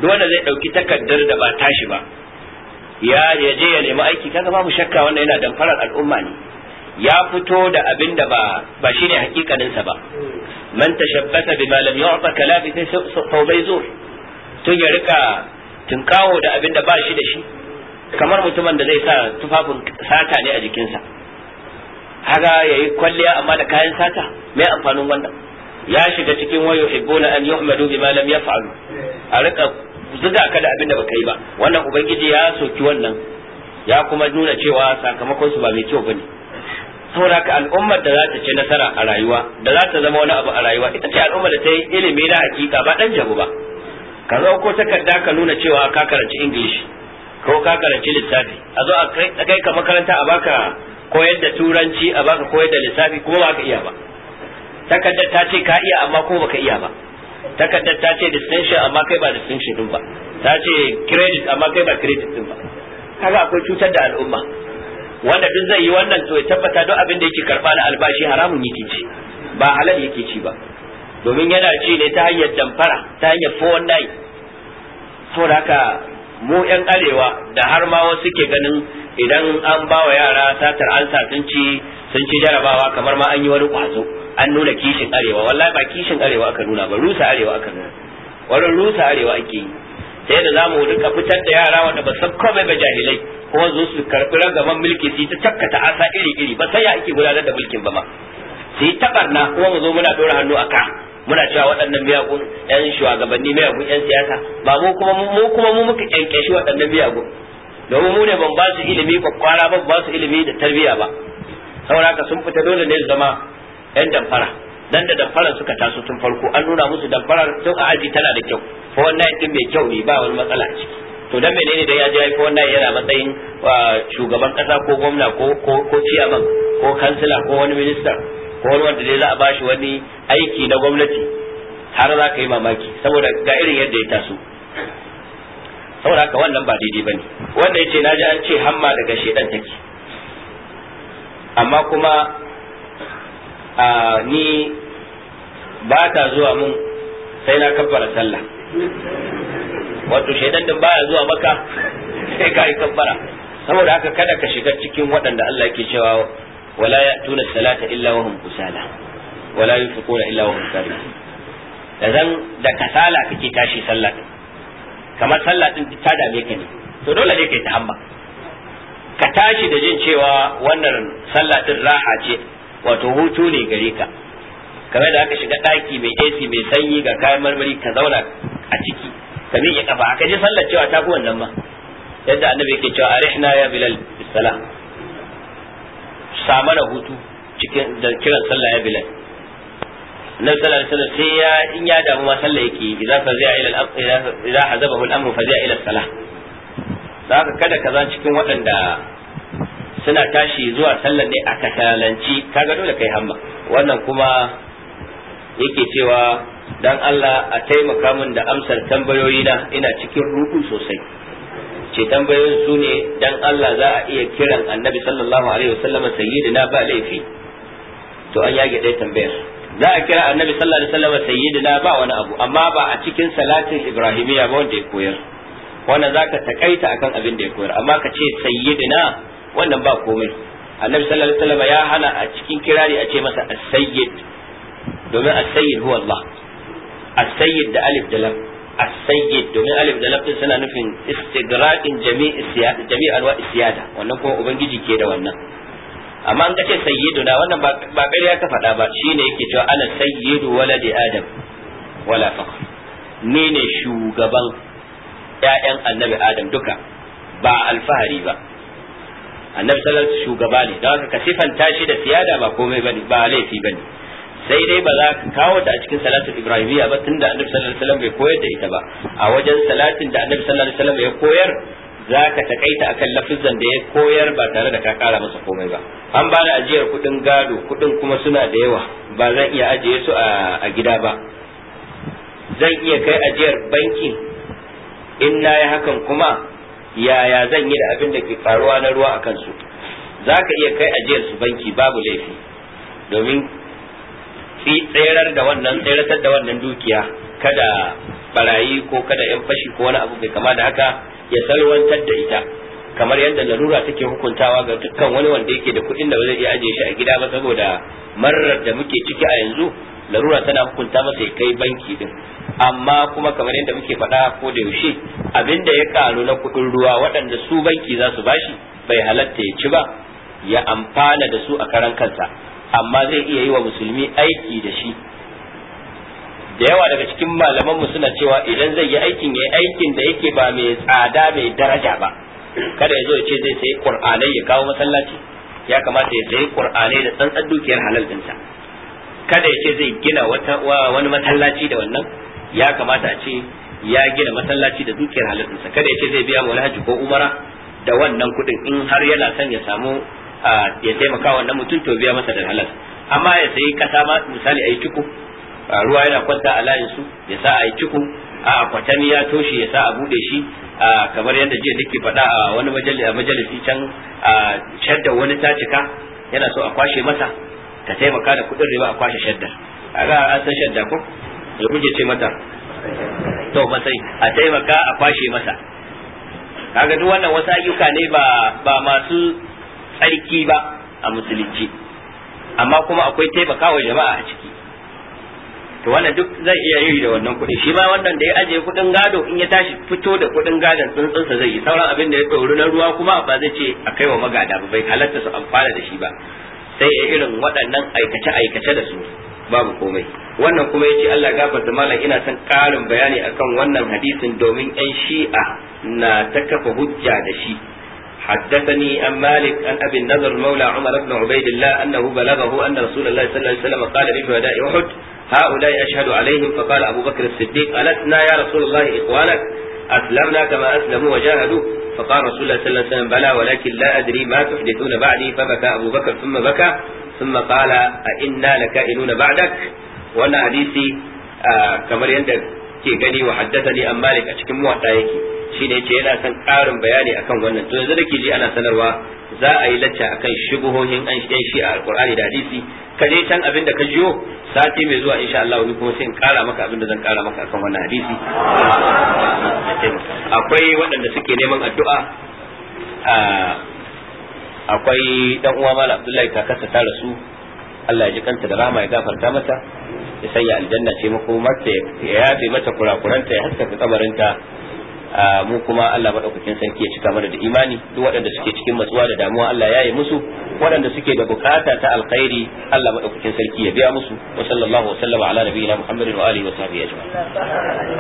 duk wanda zai dauki takaddar da ba tashi ba ya je ya nemi aiki kaga babu shakka wannan yana damfarar al'umma ne ya fito da abin da ba ba shine hakikaninsa ba man tashabbata bima lam yu'ta kalafi sai sau bai tun ya rika tunkawo da abinda ba shi da shi kamar mutumin da zai sa tufafin sata ne a jikinsa haga yayi kwalliya amma da kayan sata me amfanin wannan ya shiga cikin wayo hibbuna an yuhmadu bima lam yaf'alu a rika zuga ka da abin da baka yi ba wannan ubangiji ya soki wannan ya kuma nuna cewa sakamakon su ba mai kyau bane saboda ka al'ummar da za ta ci nasara a rayuwa da za ta zama wani abu a rayuwa ita ce al'ummar da ta yi ilimi na hakika ba dan jabu ba ka zo ko takarda ka nuna cewa ka karanci ingilishi ko ka karanci lissafi a zo a kai ka makaranta a baka koyar da turanci a baka koyar da lissafi kuma ba ka iya ba takardar ta ce ka iya amma ko baka iya ba takardar ta ce distinction amma kai ba distinction din ba ta ce credit amma kai ba credit din ba kaga akwai cutar da al'umma wanda duk zai yi wannan to ya tabbata duk abin da yake karba na albashi haramun yake ci ba halal yake ci ba domin yana ci ne ta hanyar damfara ta hanyar 419 saboda haka mu yan arewa da har ma wasu ke ganin idan an ba wa yara satar ansa sun ci sun ci jarabawa kamar ma an yi wani kwazo an nuna kishin arewa wallahi ba kishin arewa aka nuna ba rusa arewa aka nuna Wannan rusa arewa ake yi sai da zamu rika fitar da yara wanda ba san komai ba jahilai ko zo su karɓi ragaman mulki su ta takkata asa iri iri ba sai ya ake gudanar da mulkin ba ma su yi tabarna kuma mu zo muna dora hannu a ka muna cewa waɗannan miyagun ƴan shugabanni miyagun ƴan siyasa ba mu kuma mu kuma mu muka kyankyashi waɗannan miyagun domin mu ne ban ba su ilimi kwakwara ban ba su ilimi da tarbiyya ba saboda haka sun fita dole ne su zama yan damfara dan da damfarar suka taso tun farko an nuna musu damfarar tun a aji tana da kyau fa wannan din mai kyau ne ba wani matsala To ciki to dan menene da ya je ya wannan yana matsayin uh, shugaban kasa ko gwamna ko ko ko ko kansila ko wani minista ko wani wanda dai za a bashi wani aiki na gwamnati har za ka yi mamaki saboda ga irin yadda ya taso saboda haka wannan ba daidai bane wanda yace naji an ce hamma daga shedan take amma kuma a ni ba ta zuwa mun sai na kabbara sallah wato shaidan din baya zuwa maka sai ka yi kabbara saboda haka kada ka shiga cikin waɗanda Allah yake cewa wala ya'tuna salata illa wa hum kusala wala yunfiquna illa wa hum da zan da kasala kake tashi sallah kamar sallah din ta dame ka ne to dole ne kai ta hamma ka tashi da jin cewa wannan sallah din raha ce wato hutu ne gare ka kamar da aka shiga daki mai AC mai sanyi ga kayan marmari ka zauna a ciki ka miƙe kafa sallar cewa ta fi wannan ma yadda annabi yake cewa arihna ya samu na hutu cikin da kiran sallah ya bilal na sallar sallar sai ya in ya damu ma sallah yake idza fa zai ila idza hazabahu al-amru fa zai ila salah saka kada kaza cikin waɗanda suna tashi zuwa sallar ne a katalanci kaga dole kai hamma wannan kuma yake cewa dan Allah a taimaka min da amsar tambayoyina ina cikin ruku sosai ce tambayoyin su ne dan Allah za a iya kiran annabi sallallahu alaihi wasallam sayyidina ba laifi to an yage dai tambayar za a kira annabi sallallahu alaihi wasallam sayyidina ba wani abu amma ba a cikin salatin ibrahimiyya ba wanda ya koyar wannan zaka takaita akan abin da ya koyar amma ka ce sayyidina wannan ba komai annabi sallallahu alaihi wasallam ya hana a cikin kirari a ce masa as-sayyid domin as-sayyid huwa Allah as-sayyid da alif da lam as-sayyid domin alif da lafin suna nufin istigraqin jami'i siyada jami'i alwa wannan kuma ubangiji ke da wannan amma an kace sayyiduna wannan ba ƙarya ka faɗa ba shine yake cewa ana sayyidu waladi adam wala fakhr ni ne shugaban ƴaƴan annabi adam duka ba alfahari ba annabi sallallahu alaihi shugaba ne don haka ka sifanta shi da siyada ba komai bane ba laifi bane sai dai ba za ka kawo ta a cikin salatin ibrahimiyya ba tun da annabi sallallahu alaihi wasallam bai koyar da ita ba a wajen salatin da annabi sallallahu alaihi wasallam ya koyar za ka takaita akan lafizan da ya koyar ba tare da ka kara masa komai ba an ba da ajiyar kuɗin gado kuɗin kuma suna da yawa ba zan iya ajiye su a gida ba zan iya kai ajiyar banki in na yi hakan kuma yaya zan yi da abin da ke faruwa na ruwa a kansu za ka iya kai ajiyar su banki babu laifi domin bi tserar da wannan tseratar da wannan dukiya kada barayi ko kada yan fashi ko wani abu bai kama da haka ya salwantar da ita kamar yadda larura take hukuntawa ga dukkan wani wanda yake da kuɗin da zai iya ajiye shi a gida ba saboda marar da muke ciki a yanzu larura tana hukunta masa ya kai banki din amma kuma kamar yadda muke faɗa ko da yaushe abinda ya karu na kuɗin ruwa waɗanda su banki za su bashi bai halatta ya ci ba ya amfana da su a karan kansa amma zai iya yi wa musulmi aiki da shi da yawa daga cikin malamanmu suna cewa idan zai yi aikin ya aikin da yake ba mai tsada mai daraja ba kada ya zo ya ce zai sayi qur'anai ya kawo masallaci ya kamata ya sayi qur'anai da tsantsan dukiyar halal dinsa kada ya ce zai gina wata wani masallaci da wannan ya kamata a ce ya gina masallaci da dukiyar halal dinsa kada ya ce zai biya wani haji ko umara da wannan kuɗin in har yana son ya samu ya taimaka wannan mutum to biya masa da halal amma ya sayi kasa ma misali ayi cuku ruwa yana kwanta a layin su ya sa ayi cuku a kwatami ya toshe ya sa a bude shi kamar yadda jiya take faɗa a wani majalisi can a shaddar wani ta cika yana so a kwashe masa ka taimaka da kuɗin riba a kwashe shaddar a ga an san shadda ko ya kuje ce mata to ba sai a taimaka a kwashe masa kaga duk wannan wasu ayyuka ne ba ba masu tsarki ba a musulunci amma kuma akwai taimakawa jama'a a ciki to wannan duk zai iya yi da wannan kuɗi shi ma wannan da ya ajiye kuɗin gado in ya tashi fito da kuɗin gadon tsuntsunsa zai yi sauran abin da ya ɗori na ruwa kuma ba zai ce a kai wa magada ba bai halatta su amfana da shi ba sai ya irin waɗannan aikace aikace da su babu komai wannan kuma ya ce Allah gafarta malam ina son ƙarin bayani akan wannan hadisin domin yan shi'a na ta kafa hujja da shi حدثني عن مالك عن ابي النضر مولى عمر بن عبيد الله انه بلغه ان رسول الله صلى الله عليه وسلم قال لشهداء احد هؤلاء اشهد عليهم فقال ابو بكر الصديق ألسنا يا رسول الله اخوانك اسلمنا كما اسلموا وجاهدوا فقال رسول الله صلى الله عليه وسلم بلى ولكن لا ادري ما تحدثون بعدي فبكى ابو بكر ثم بكى ثم قال أئنا لكائنون بعدك وانا حديثي آه كما يندب ke gani wa ni an malik a cikin muwatta yake ne yace yana son karin bayani akan wannan to yanzu ke ji ana sanarwa za a yi lacca akan shubuhohin an shi shi a alqur'ani da hadisi ka je can abin da ka jiyo sati mai zuwa insha Allah ni kuma sai in kara maka abin da zan kara maka akan wannan hadisi akwai waɗanda suke neman addu'a akwai dan uwa malam Abdullahi kakarsa ta rasu Allah ya ji kanta da rahama ya gafarta mata ya sanya aljanna ce mace ya yafe mata kurakuranta ya haskaka kamarinta mu kuma Allah madaukakin sarki ya cika mana da imani duk waɗanda suke cikin matsuwa da damuwa Allah ya yi musu waɗanda suke da bukata ta alkhairi Allah madaukakin sarki ya biya musu wa sallallahu wa sallama ala nabiyina Muhammadin wa alihi wa sahbihi ajma'in